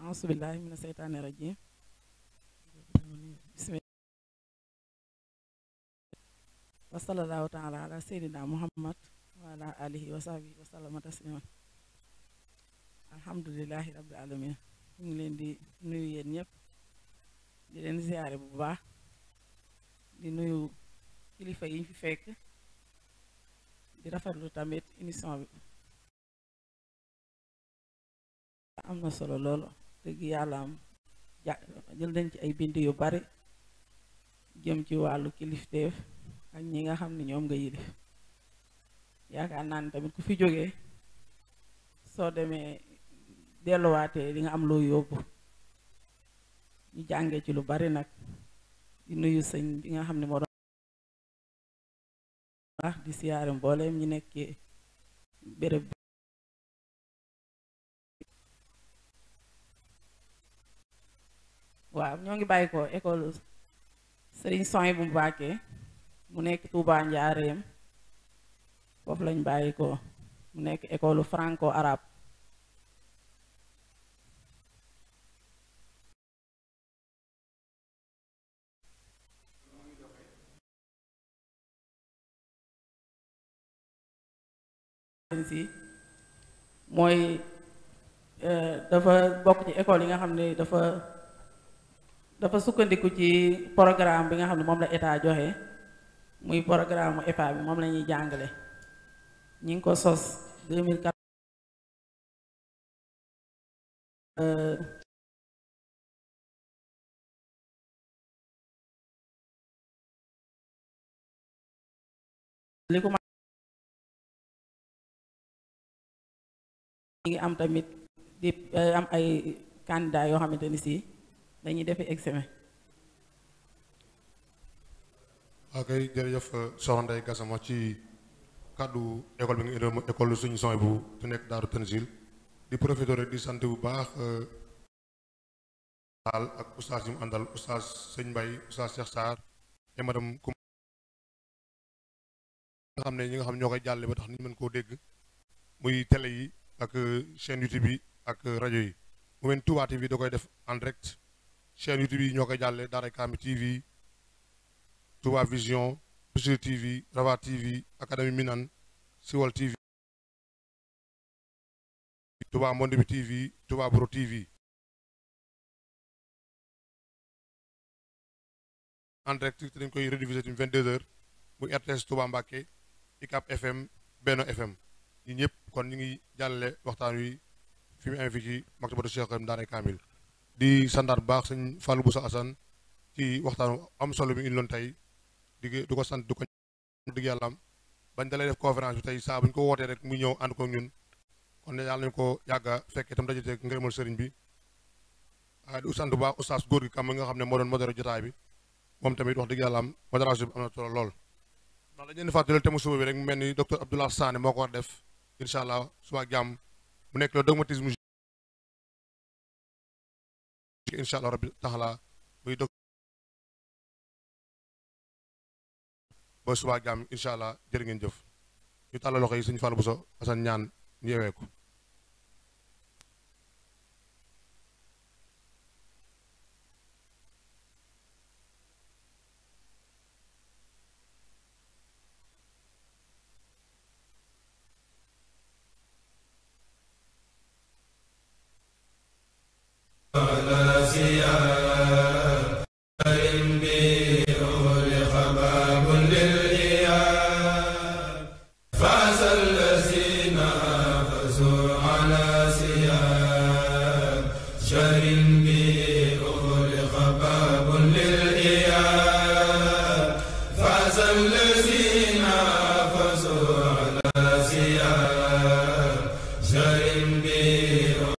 aousubillahi mina alhamdulilahi rabbil alamin ñu ngi leen di nuyu yéen ñëpp di leen ziyaare bu baax di nuyu kilifa yi fi fekk di rafetlu tamit émission bi am na solo lool dëgg yàlla am jël nañ ci ay bind yu bari jëm ci wàllu kilifteef ak ñi nga xam ni ñoom nga yilif yaakaar naa ne tamit ku fi jógee soo demee delluwaatee di nga am loo yóbbu ñu jàngee ci lu bari nag di nuyu sëñ bi nga xam ne moo baax di siyaare mbooleem ñu nekk ci waaw ñoo ngi bàyyi ko école Serigne Soy bu Mbàkke mu nekk Touba Njaareem foofu lañ bàyyi mu nekk école franco arabe si mooy eh, dafa bokk ci école yi nga xam ne dafa dafa sukkandiku ci programme bi nga xam ne moom la état joxe muy programme EPA bi moom la ñuy jàngale ñi ngi ko sos 2014 eh, li ko ma ngi am tamit di eh, am ay candidat yo xamanteni si dañuy def examen ok jërëjëf soxna Ndeye Gassama ci kaddu école bi nga indoon école suñu soñ bu te nek daru tanjil di profiter rek di sant bu baax dal euh, ak oustaz yi andal oustaz seigne mbay oustaz Cheikh sar et madame kum xamne ñi nga xam ñokay jallé ba tax ñu mën ko dégg muy télé yi ak euh, chaîne YouTube ak euh, Radio. yi Touba TV def en direct chaîne YouTube yi TV Touba Vision TV Rava TV Académie Minan Siwal TV Touba Monde TV Touba Bro TV en direct de dañ koy rediffuser une FM Beno FM ñun ñëpp kon ñu ngi jàllale waxtaan wi fi mu invité ci maktabatu Cheikh Khadim Daaray Kaamil di sandaat baax sëñ bu Boussa Assane ci waxtaanu am solo bi i loon tey di du ko sant ko digg yàlla am bañ dalay def conférence bi tey saa bu ko wootee rek ñëw ànd koo ñun kon yàlla nañu ko yàgga fekk itam dajateeg ngërëmal sëriñ bi ah, di sant bu baax oustaz góor gi kam nga xam ne moo doon modéré jotaay bi moom tamit wax dëgg yàlla am modération bi am na solo lool ndax dañu leen te thème suba bi rek mel ni docteur Abdoulaye Sané moo ko def incha allah suba jàmm mu nekk le dogmatisme incha allah rabbi taala dog ba suba jàmm incha allah jërë jëf ñu tàllal loxo yi suñu Fallou Bousso Assane ñaan ñu yewee